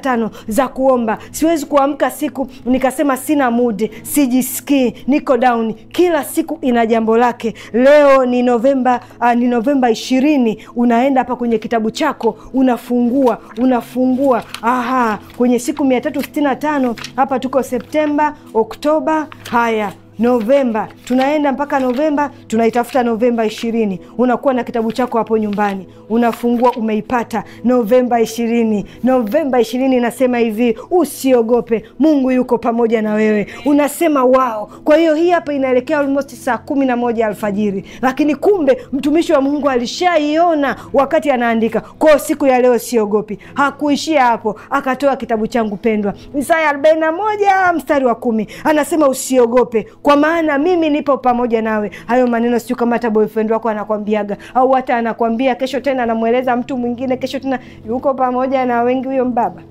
tano za kuomba. Siwezi kuamka siku nikasema sina mudi, sijisikii, niko down. Kila siku ina jambo lake. Leo ni Novemba, uh, ni Novemba ishirini. Unaenda hapa kwenye kitabu chako unafungua, unafungua, aha, kwenye siku mia tatu tano hapa tuko Septemba, Oktoba. Haya, Novemba, tunaenda mpaka Novemba, tunaitafuta Novemba ishirini. Unakuwa na kitabu chako hapo nyumbani, unafungua, umeipata Novemba ishirini. Novemba ishirini inasema hivi, usiogope, Mungu yuko pamoja na wewe. Unasema wao. Kwa hiyo hii hapa inaelekea almost saa kumi na moja alfajiri, lakini kumbe mtumishi wa Mungu alishaiona wakati anaandika. Kwao siku ya leo siogopi. Hakuishia hapo, akatoa kitabu changu pendwa, Isaya moja mstari wa kumi, anasema usiogope kwa maana mimi nipo pamoja nawe. Hayo maneno sio kama hata boyfriend wako anakwambiaga, au hata anakwambia kesho, tena anamweleza mtu mwingine, kesho tena yuko pamoja na wengi, huyo mbaba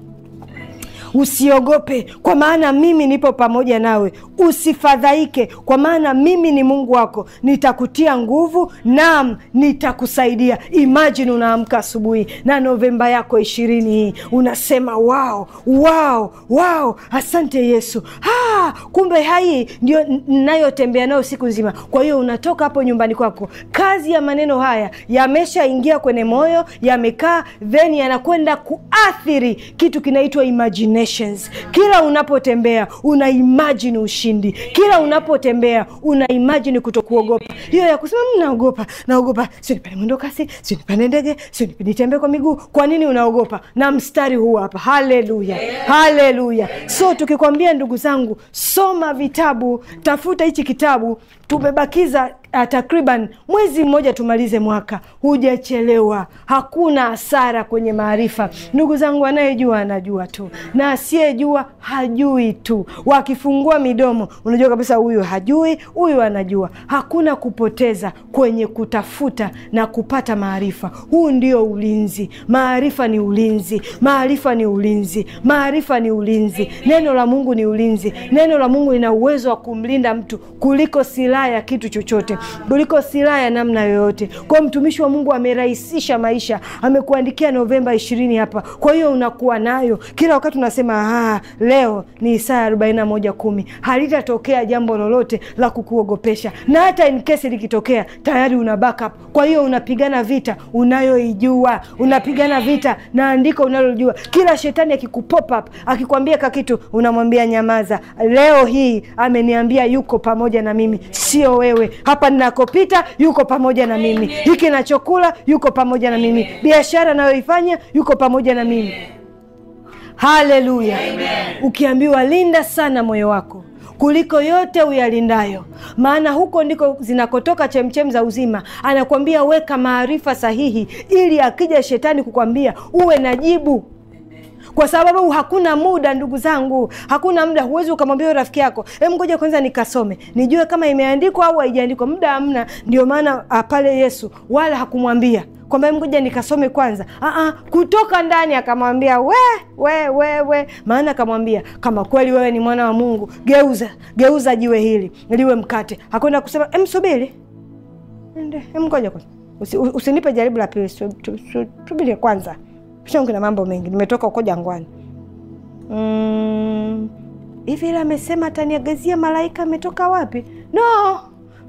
Usiogope kwa maana mimi nipo pamoja nawe. Usifadhaike kwa maana mimi ni Mungu wako, nitakutia nguvu, nam nitakusaidia. Imajini unaamka asubuhi na Novemba yako ishirini hii unasema wao, wao, wao, asante Yesu. Ha, ah, kumbe hai ndio nayotembea nayo siku nzima. Kwa hiyo unatoka hapo nyumbani kwako, kazi ya maneno haya yameshaingia kwenye moyo, yamekaa, then yanakwenda kuathiri kitu kinaitwa imagination nations. Kila unapotembea una imagine ushindi, kila unapotembea una imagine kutokuogopa. Hiyo ya kusema mm, naogopa, naogopa, sio nipande mwendo kasi, sio nipande ndege, sio nitembee kwa miguu. Kwa nini unaogopa? Na mstari huu hapa. Haleluya, haleluya! So tukikwambia ndugu zangu, soma vitabu, tafuta hichi kitabu tumebakiza Ah, takriban mwezi mmoja tumalize mwaka. Hujachelewa, hakuna hasara kwenye maarifa. Ndugu zangu, anayejua anajua tu na asiyejua hajui tu. Wakifungua midomo, unajua kabisa huyu hajui, huyu anajua. Hakuna kupoteza kwenye kutafuta na kupata maarifa. Huu ndio ulinzi. Maarifa ni ulinzi, maarifa ni ulinzi, maarifa ni ulinzi. Neno la Mungu ni ulinzi. Neno la Mungu lina uwezo wa kumlinda mtu kuliko silaha ya kitu chochote kuliko silaha ya namna yoyote. Kwa mtumishi wa Mungu amerahisisha maisha, amekuandikia Novemba 20 hapa, kwa hiyo unakuwa nayo kila wakati. Unasema ah, leo ni Isaya moja kumi, halitatokea jambo lolote la kukuogopesha, na hata in case likitokea tayari una backup. Kwa hiyo unapigana vita unayoijua, unapigana vita na andiko unalojua. Kila shetani akikupop up akikwambia ka kitu, unamwambia nyamaza, leo hii ameniambia yuko pamoja na mimi, sio wewe hapa hapa ninakopita yuko pamoja na mimi, hiki nachokula yuko pamoja na mimi, biashara nayoifanya yuko pamoja na mimi. Haleluya! Ukiambiwa linda sana moyo wako kuliko yote uyalindayo, maana huko ndiko zinakotoka chemchem za uzima. Anakuambia weka maarifa sahihi, ili akija shetani kukwambia uwe na jibu kwa sababu hakuna muda, ndugu zangu, hakuna muda. Huwezi ukamwambia rafiki yako, hebu ngoja kwanza nikasome nijue kama imeandikwa au haijaandikwa. Muda hamna. Ndio maana ah, pale Yesu wala hakumwambia kwamba ngoja nikasome kwanza. Aa, ah, ah, kutoka ndani akamwambia we, we, we, we. Maana akamwambia kama kweli wewe ni mwana wa Mungu, geuza geuza jiwe hili liwe mkate. Hakwenda kusema emsubiri, ngoja kwanza, usinipe jaribu la pili, subiri kwanza. Maisha yangu mambo mengi, nimetoka huko jangwani mm, hivi mm. Ile amesema ataniagazia malaika, ametoka wapi? No,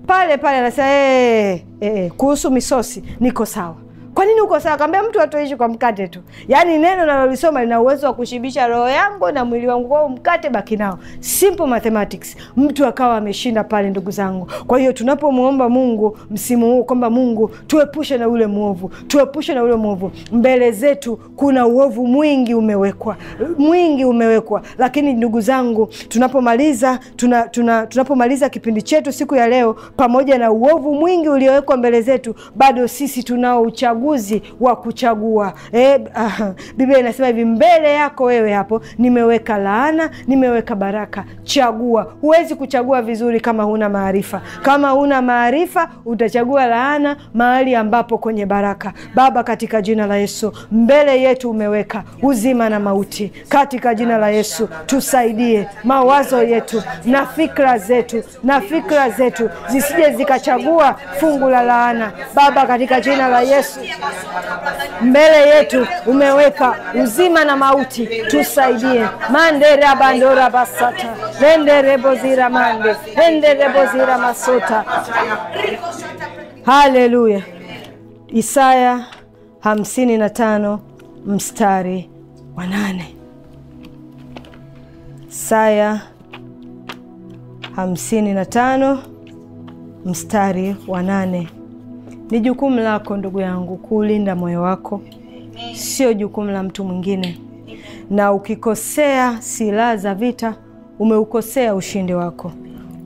pale pale anasema hey, eh, eh, hey, eh, kuhusu misosi niko sawa kwa nini uko sawa? Kaambia mtu atoishi kwa mkate tu, yaani neno nalolisoma lina uwezo wa kushibisha roho yangu na mwili wangu, kwao mkate baki nao. Simple mathematics. Mtu akawa ameshinda pale, ndugu zangu. Kwa hiyo tunapomwomba Mungu msimu huu kwamba Mungu tuepushe na ule mwovu, tuepushe na ule mwovu, mbele zetu kuna uovu mwingi umewekwa, mwingi umewekwa. Lakini ndugu zangu, tunapomaliza tuna, tuna, tunapomaliza kipindi chetu siku ya leo, pamoja na uovu mwingi uliowekwa mbele zetu, bado sisi tunao uchaguzi uchaguzi wa kuchagua e, uh, Biblia inasema hivi, mbele yako wewe hapo nimeweka laana, nimeweka baraka, chagua. Huwezi kuchagua vizuri kama huna maarifa. Kama huna maarifa, utachagua laana mahali ambapo kwenye baraka. Baba, katika jina la Yesu, mbele yetu umeweka uzima na mauti. Katika jina la Yesu tusaidie mawazo yetu na fikra zetu na fikra zetu zisije zikachagua fungu la laana Baba, katika jina la Yesu mbele yetu umeweka uzima na mauti, tusaidie. mande rabandora basata rebozira mande enderebozira masota. Haleluya. Isaya 55 mstari wa nane. Isaya 55 mstari wa nane. Ni jukumu lako ndugu yangu kuulinda moyo wako, sio jukumu la mtu mwingine. Na ukikosea silaha za vita, umeukosea ushindi wako.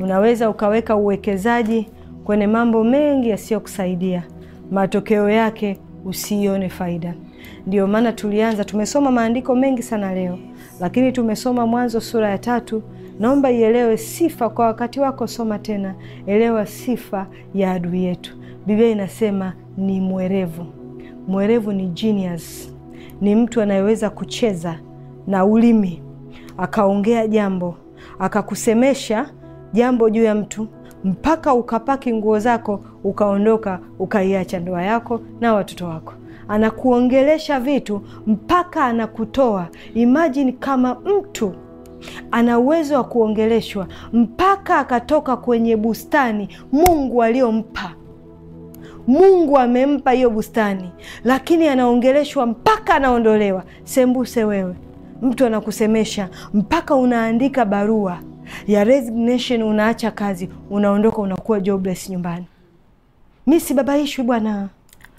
Unaweza ukaweka uwekezaji kwenye mambo mengi yasiyokusaidia, matokeo yake usiione faida. Ndiyo maana tulianza, tumesoma maandiko mengi sana leo, lakini tumesoma Mwanzo sura ya tatu. Naomba ielewe sifa kwa wakati wako, soma tena, elewa sifa ya adui yetu. Biblia inasema ni mwerevu. Mwerevu ni genius, ni mtu anayeweza kucheza na ulimi akaongea jambo akakusemesha jambo juu ya mtu mpaka ukapaki nguo zako ukaondoka ukaiacha ndoa yako na watoto wako. Anakuongelesha vitu mpaka anakutoa. Imajini kama mtu ana uwezo wa kuongeleshwa mpaka akatoka kwenye bustani Mungu aliyompa Mungu amempa hiyo bustani, lakini anaongeleshwa mpaka anaondolewa. Sembuse wewe, mtu anakusemesha mpaka unaandika barua ya resignation, unaacha kazi, unaondoka, unakuwa jobless nyumbani. Mi sibabaishwi bwana,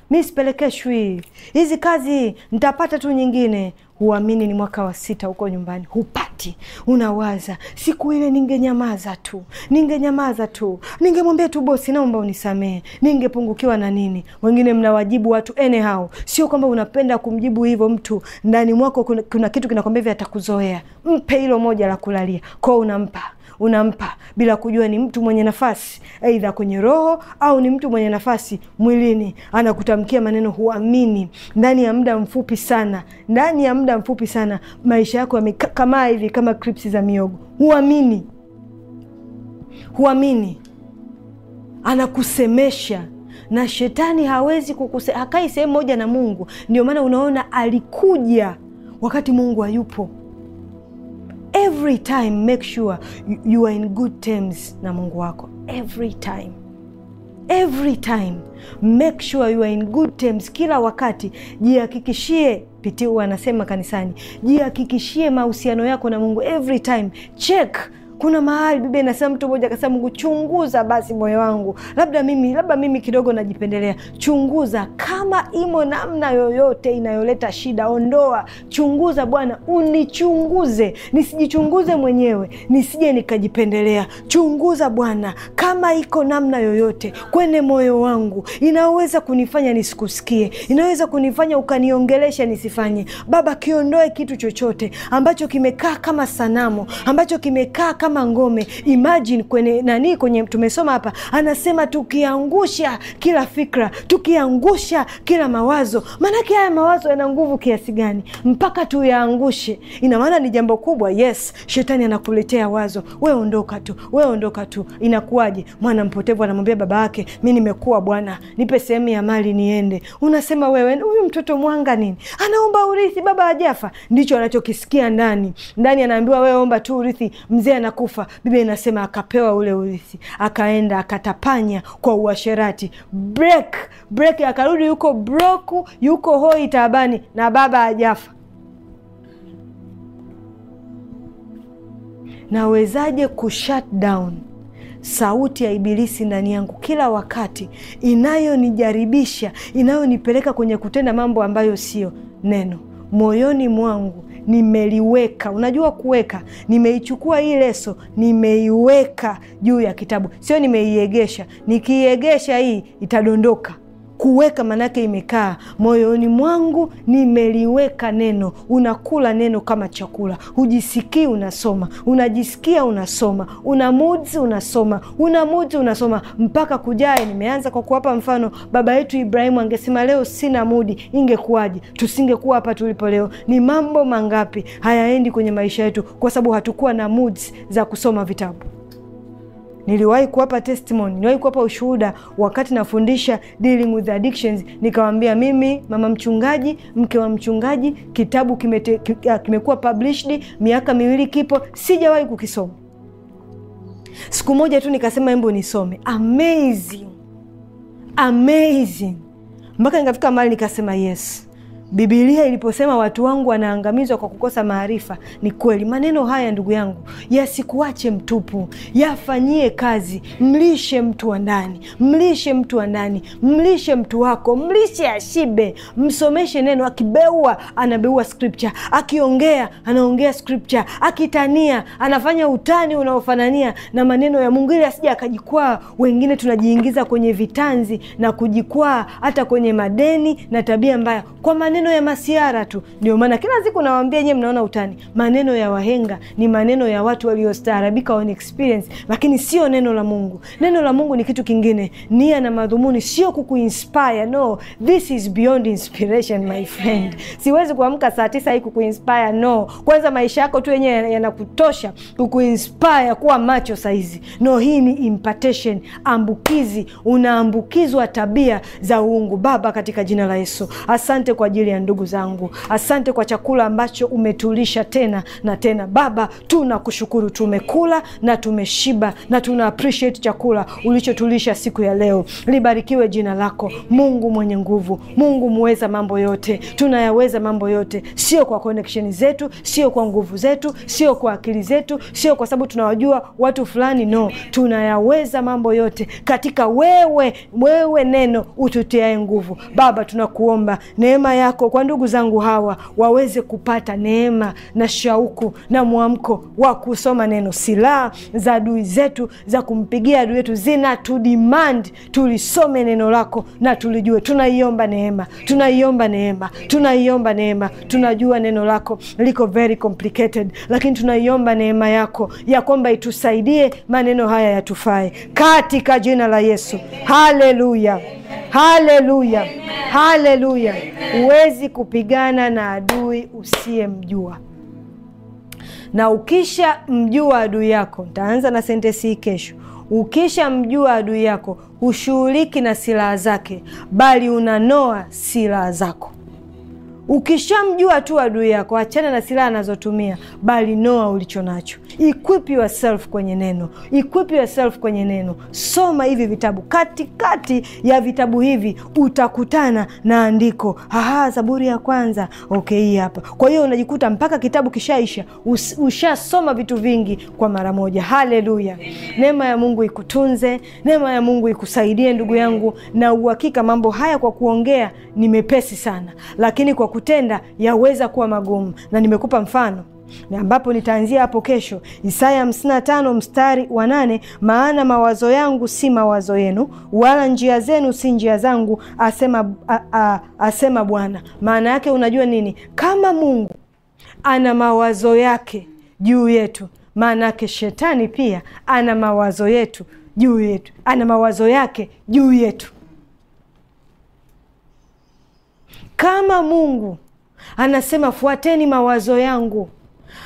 mi sipelekeshwi hizi kazi, ntapata tu nyingine huamini ni mwaka wa sita huko nyumbani, hupati. Unawaza siku ile ningenyamaza tu, ningenyamaza tu, ningemwambia tu bosi, naomba unisamehe, ningepungukiwa na nini? Wengine mnawajibu watu anyhow. Sio kwamba unapenda kumjibu hivyo mtu, ndani mwako kuna, kuna kitu kinakwambia hivi, atakuzoea. Mpe hilo moja la kulalia kwao, unampa unampa bila kujua ni mtu mwenye nafasi aidha kwenye roho au ni mtu mwenye nafasi mwilini. Anakutamkia maneno huamini, ndani ya muda mfupi sana, ndani ya muda mfupi sana maisha yako yamekamaa hivi kama kripsi za miogo. Huamini, huamini, anakusemesha na shetani hawezi kukusema hakai sehemu moja na Mungu. Ndio maana unaona alikuja wakati Mungu hayupo every time make sure you are in good terms na Mungu wako every time every time make sure you are in good terms. Kila wakati jihakikishie piti, anasema kanisani, jihakikishie mahusiano yako na Mungu every time check kuna mahali Biblia inasema mtu mmoja akasema, Mungu chunguza basi moyo wangu, labda mimi labda mimi kidogo najipendelea. Chunguza kama imo namna yoyote inayoleta shida, ondoa. Chunguza Bwana, unichunguze nisijichunguze mwenyewe, nisije nikajipendelea. Chunguza Bwana kama iko namna yoyote kwenye moyo wangu inaweza kunifanya nisikusikie, inaweza kunifanya ukaniongelesha nisifanye. Baba, kiondoe kitu chochote ambacho kimekaa kama sanamu, ambacho kimekaa kama kama ngome. Imagine kwenye nani, kwenye tumesoma hapa, anasema tukiangusha kila fikra, tukiangusha kila mawazo. Maanake haya mawazo yana nguvu kiasi gani mpaka tuyaangushe? Ina maana ni jambo kubwa. Yes, shetani anakuletea wazo, we ondoka tu, we ondoka tu. Inakuwaje? Mwana mpotevu anamwambia baba yake, mi nimekuwa bwana, nipe sehemu ya mali niende. Unasema wewe, huyu mtoto mwanga nini, anaomba urithi, baba ajafa. Ndicho anachokisikia ndani ndani, anaambiwa wewe omba tu urithi, mzee anaku kufa, Biblia inasema akapewa ule urithi, akaenda akatapanya kwa uasherati. Break break, akarudi yuko broku, yuko hoi taabani, na baba ajafa Nawezaje kushut down sauti ya Ibilisi ndani yangu kila wakati inayonijaribisha, inayonipeleka kwenye kutenda mambo ambayo siyo neno moyoni mwangu nimeliweka. Unajua kuweka, nimeichukua hii leso, nimeiweka juu ya kitabu, sio nimeiegesha. Nikiiegesha hii itadondoka. Kuweka maanake imekaa moyoni mwangu, nimeliweka neno. Unakula neno kama chakula, hujisikii unasoma, unajisikia unasoma, una mudzi unasoma, una mudzi unasoma mpaka kujae. Nimeanza kwa kuwapa mfano, baba yetu Ibrahimu angesema leo sina mudi, ingekuwaje? Tusingekuwa hapa tulipo leo. Ni mambo mangapi hayaendi kwenye maisha yetu kwa sababu hatukuwa na mudzi za kusoma vitabu. Niliwahi kuwapa testimony, niliwahi kuwapa ushuhuda wakati nafundisha dealing with addictions. Nikawambia mimi mama mchungaji, mke wa mchungaji, kitabu kimete, ah, kimekuwa published miaka miwili, kipo sijawahi kukisoma. Siku moja tu nikasema embo nisome. Amazing, amazing, mpaka nikafika mahali nikasema yes Bibilia iliposema watu wangu wanaangamizwa kwa kukosa maarifa, ni kweli. Maneno haya ndugu yangu yasikuache mtupu, yafanyie kazi. Mlishe mtu wa ndani, mlishe mtu wa ndani, mlishe mtu wako, mlishe ashibe, msomeshe neno. Akibeua anabeua scripture, akiongea anaongea scripture, akitania anafanya utani unaofanania na maneno ya Mungu ili asija akajikwaa. Wengine tunajiingiza kwenye vitanzi na kujikwaa hata kwenye madeni na tabia mbaya kwa maneno maneno ya masiara tu. Ndio maana kila siku nawaambia nyie, mnaona utani, maneno ya wahenga ni maneno ya watu waliostaarabika, on experience, lakini sio neno la Mungu. Neno la Mungu ni kitu kingine. Nia na madhumuni sio kukuinspire. No, this is beyond inspiration my friend. Siwezi kuamka saa tisa hii kukuinspire. No, kwanza maisha yako tu yenyewe yanakutosha kukuinspire kuwa macho saizi. No, hii ni impartation, ambukizi. Unaambukizwa tabia za uungu. Baba, katika jina la Yesu, asante kwa ajili ya ndugu zangu. Asante kwa chakula ambacho umetulisha tena na tena. Baba, tunakushukuru, tumekula na tumeshiba na tuna appreciate chakula ulichotulisha siku ya leo. Libarikiwe jina lako Mungu mwenye nguvu, Mungu muweza mambo yote. Tunayaweza mambo yote, sio kwa connection zetu, sio kwa nguvu zetu, sio kwa akili zetu, sio kwa sababu tunawajua watu fulani. No, tunayaweza mambo yote katika wewe, wewe neno ututiae nguvu. Baba, tunakuomba neema yako yako kwa ndugu zangu hawa waweze kupata neema na shauku na mwamko wa kusoma neno. Silaha za adui zetu za kumpigia adui yetu zina tu demand tulisome neno lako na tulijue. Tunaiomba neema, tunaiomba neema, tunaiomba neema. Tunajua neno lako liko very complicated, lakini tunaiomba neema yako ya kwamba itusaidie maneno haya yatufae, katika jina la Yesu. Haleluya. Haleluya, haleluya! Huwezi kupigana na adui usiyemjua, na ukisha mjua adui yako, ntaanza na sentesi hii kesho. Ukisha mjua adui yako, hushughuliki na silaha zake, bali unanoa silaha zako. Ukishamjua tu adui yako, achana na silaha anazotumia, bali noa ulicho nacho. Equip yourself kwenye neno, equip yourself kwenye neno. Soma hivi vitabu, katikati kati ya vitabu hivi utakutana na andiko. Aha, Zaburi ya kwanza, okay, hii hapa. Kwa hiyo unajikuta mpaka kitabu kishaisha, ushasoma vitu vingi kwa mara moja. Haleluya! Neema ya Mungu ikutunze, neema ya Mungu ikusaidie ndugu yangu, na uhakika mambo haya kwa kuongea ni mepesi sana, lakini kwa kutenda yaweza kuwa magumu, na nimekupa mfano na ambapo nitaanzia hapo kesho, Isaya 55 mstari wa nane, maana mawazo yangu si mawazo yenu, wala njia zenu si njia zangu, asema, a, a, asema Bwana. Maana yake unajua nini? Kama Mungu ana mawazo yake juu yetu, maana yake shetani pia ana mawazo yetu juu yetu, ana mawazo yake juu yetu. Kama Mungu anasema fuateni mawazo yangu,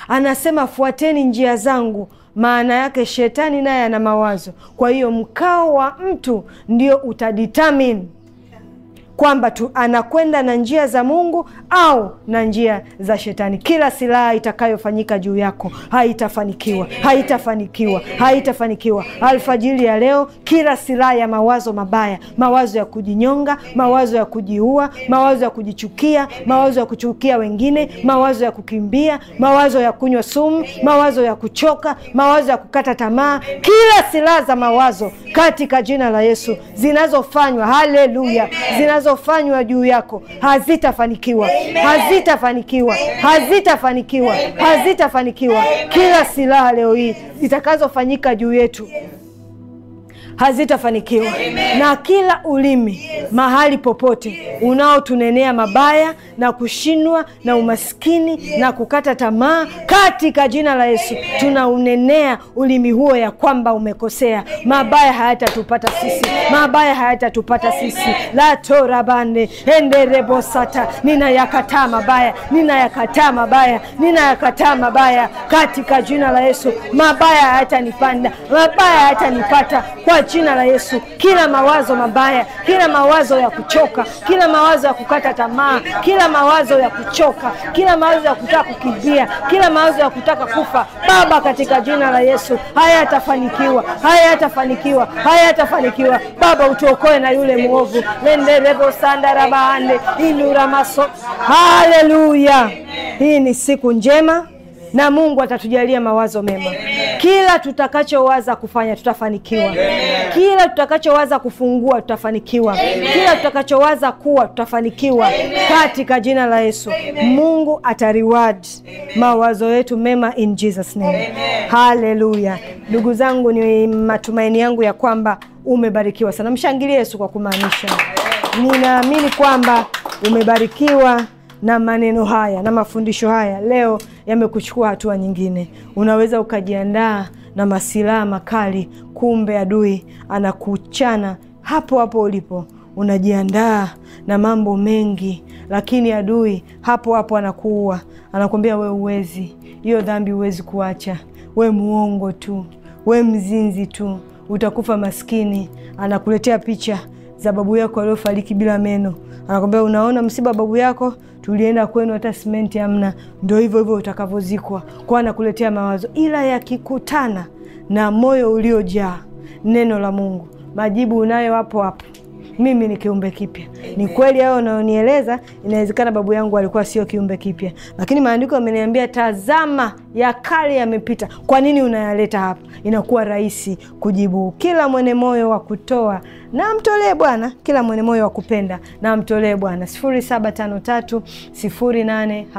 anasema fuateni njia zangu, maana yake shetani naye ana mawazo. Kwa hiyo mkao wa mtu ndio utaditamini kwamba tu anakwenda na njia za Mungu au na njia za Shetani. Kila silaha itakayofanyika juu yako haitafanikiwa, haitafanikiwa, haitafanikiwa. Alfajiri ya leo, kila silaha ya mawazo mabaya, mawazo ya kujinyonga, mawazo ya kujiua, mawazo ya kujichukia, mawazo ya kuchukia wengine, mawazo ya kukimbia, mawazo ya kunywa sumu, mawazo ya kuchoka, mawazo ya kukata tamaa, kila silaha za mawazo katika jina la Yesu zinazofanywa, haleluya, zinazo zinazofanywa juu yako hazitafanikiwa, hazitafanikiwa, hazitafanikiwa, hazitafanikiwa. Kila silaha leo hii zitakazofanyika juu yetu hazitafanikiwa na kila ulimi yes. mahali popote yes. unaotunenea mabaya yes. na kushindwa yes. na umaskini yes. na kukata tamaa yes. katika jina la Yesu tunaunenea ulimi huo ya kwamba umekosea. Amen. mabaya hayatatupata sisi Amen. mabaya hayatatupata sisi latorabane enderebosata ninayakataa mabaya ninayakataa mabaya ninayakataa mabaya katika jina la Yesu mabaya hayatanipanda mabaya hayatanipata kwa jina la Yesu kila mawazo mabaya, kila mawazo ya kuchoka, kila mawazo ya kukata tamaa, kila mawazo ya kuchoka, kila mawazo ya kutaka kukimbia, kila mawazo ya kutaka kufa, Baba, katika jina la Yesu, haya yatafanikiwa, haya yatafanikiwa, haya yatafanikiwa. Baba, utuokoe na yule mwovu lenderevo sandarabande inuramaso. Haleluya! Hii ni siku njema na Mungu atatujalia mawazo mema. Kila tutakachowaza kufanya tutafanikiwa, kila tutakachowaza kufungua tutafanikiwa, kila tutakachowaza kuwa tutafanikiwa katika jina la Yesu. Mungu atariward mawazo yetu mema in Jesus name. Haleluya! Ndugu zangu, ni matumaini yangu ya kwamba umebarikiwa sana. Mshangilie Yesu kwa kumaanisha, ninaamini kwamba umebarikiwa na maneno haya na mafundisho haya leo yamekuchukua hatua nyingine, unaweza ukajiandaa na masilaha makali, kumbe adui anakuchana hapo hapo ulipo. Unajiandaa na mambo mengi, lakini adui hapo hapo anakuua, anakuambia we uwezi, hiyo dhambi huwezi kuacha, we muongo tu, we mzinzi tu, utakufa maskini. Anakuletea picha za babu yako aliyofariki bila meno, anakuambia unaona msiba wa babu yako tulienda kwenu, hata simenti amna, Ndo hivyo hivyo utakavyozikwa, kwa anakuletea mawazo, ila yakikutana na moyo uliojaa neno la Mungu, majibu unayo hapo hapo. Mimi ni kiumbe kipya. Ni kweli hayo unaonieleza, inawezekana babu yangu alikuwa sio kiumbe kipya, lakini maandiko yameniambia, tazama ya kale yamepita. Kwa nini unayaleta hapa? Inakuwa rahisi kujibu. Kila mwenye moyo wa kutoa na mtolee Bwana kila mwenye moyo wa kupenda, na mtolee Bwana. 0753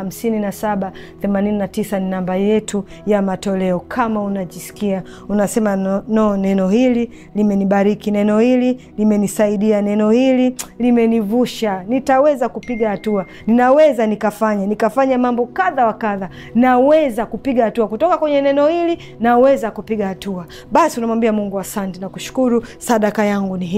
89 ni namba yetu ya matoleo. Kama unajisikia unasema no, no, neno hili limenibariki, neno hili limenisaidia, neno hili limenivusha, nitaweza kupiga hatua, ninaweza nikafanya nikafanya mambo kadha wa kadha, naweza kupiga hatua kutoka kwenye neno hili, naweza kupiga hatua, basi unamwambia Mungu, asante na kushukuru, sadaka yangu ni hii.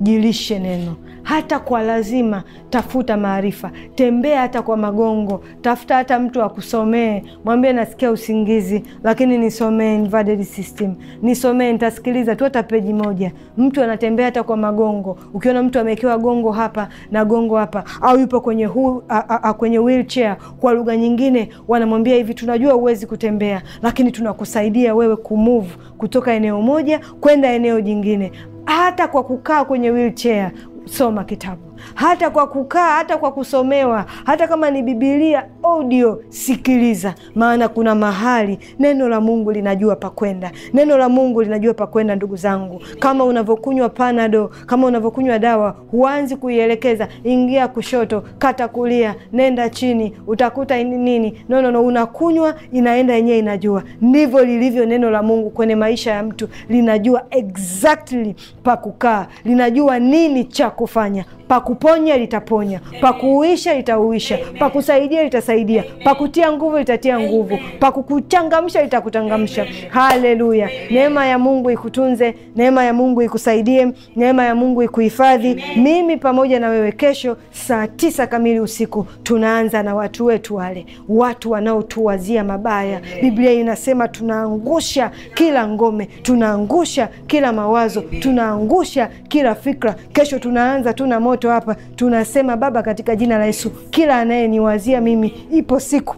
jilishe neno hata kwa lazima. Tafuta maarifa, tembea hata kwa magongo, tafuta hata mtu akusomee, mwambie nasikia usingizi, lakini nisomee Invaded System, nisomee, ntasikiliza tu hata peji moja. Mtu anatembea hata kwa magongo, ukiona mtu amewekewa gongo hapa na gongo hapa, au yupo kwenye hu, a, a, a, kwenye wheelchair, kwa lugha nyingine wanamwambia hivi, tunajua huwezi kutembea, lakini tunakusaidia wewe kumove kutoka eneo moja kwenda eneo jingine hata kwa kukaa kwenye wheelchair, soma kitabu, hata kwa kukaa, hata kwa kusomewa, hata kama ni Bibilia, audio, sikiliza, maana kuna mahali neno la Mungu linajua pakwenda. Neno la Mungu linajua pakwenda, ndugu zangu. Kama unavyokunywa panado, kama unavyokunywa dawa, huanzi kuielekeza, ingia kushoto, kata kulia, nenda chini, utakuta nini? No, no, no, unakunywa, inaenda yenyewe, inajua. Ndivyo lilivyo neno la Mungu kwenye maisha ya mtu, linajua exactly pa kukaa, linajua nini cha kufanya. kuponya litaponya, kuuisha litauisha, kusaidia litasaidia itakusaidia, pakutia nguvu itatia nguvu, pakukuchangamsha itakuchangamsha. Haleluya! Neema ya Mungu ikutunze, neema ya Mungu ikusaidie, neema ya Mungu ikuhifadhi. Mimi pamoja na wewe, kesho saa tisa kamili usiku tunaanza na watu wetu wale, watu wanaotuwazia mabaya. Biblia inasema tunaangusha kila ngome, tunaangusha kila mawazo, tunaangusha kila fikra. Kesho tunaanza tuna moto hapa, tunasema Baba, katika jina la Yesu, kila anayeniwazia mimi ipo siku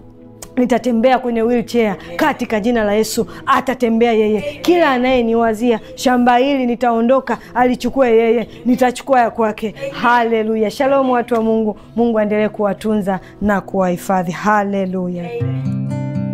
nitatembea kwenye wheelchair katika jina la Yesu. Atatembea yeye, kila anayeniwazia shamba hili nitaondoka, alichukua yeye, nitachukua ya kwake. Haleluya! Shalom watu wa Mungu. Mungu aendelee kuwatunza na kuwahifadhi. Haleluya.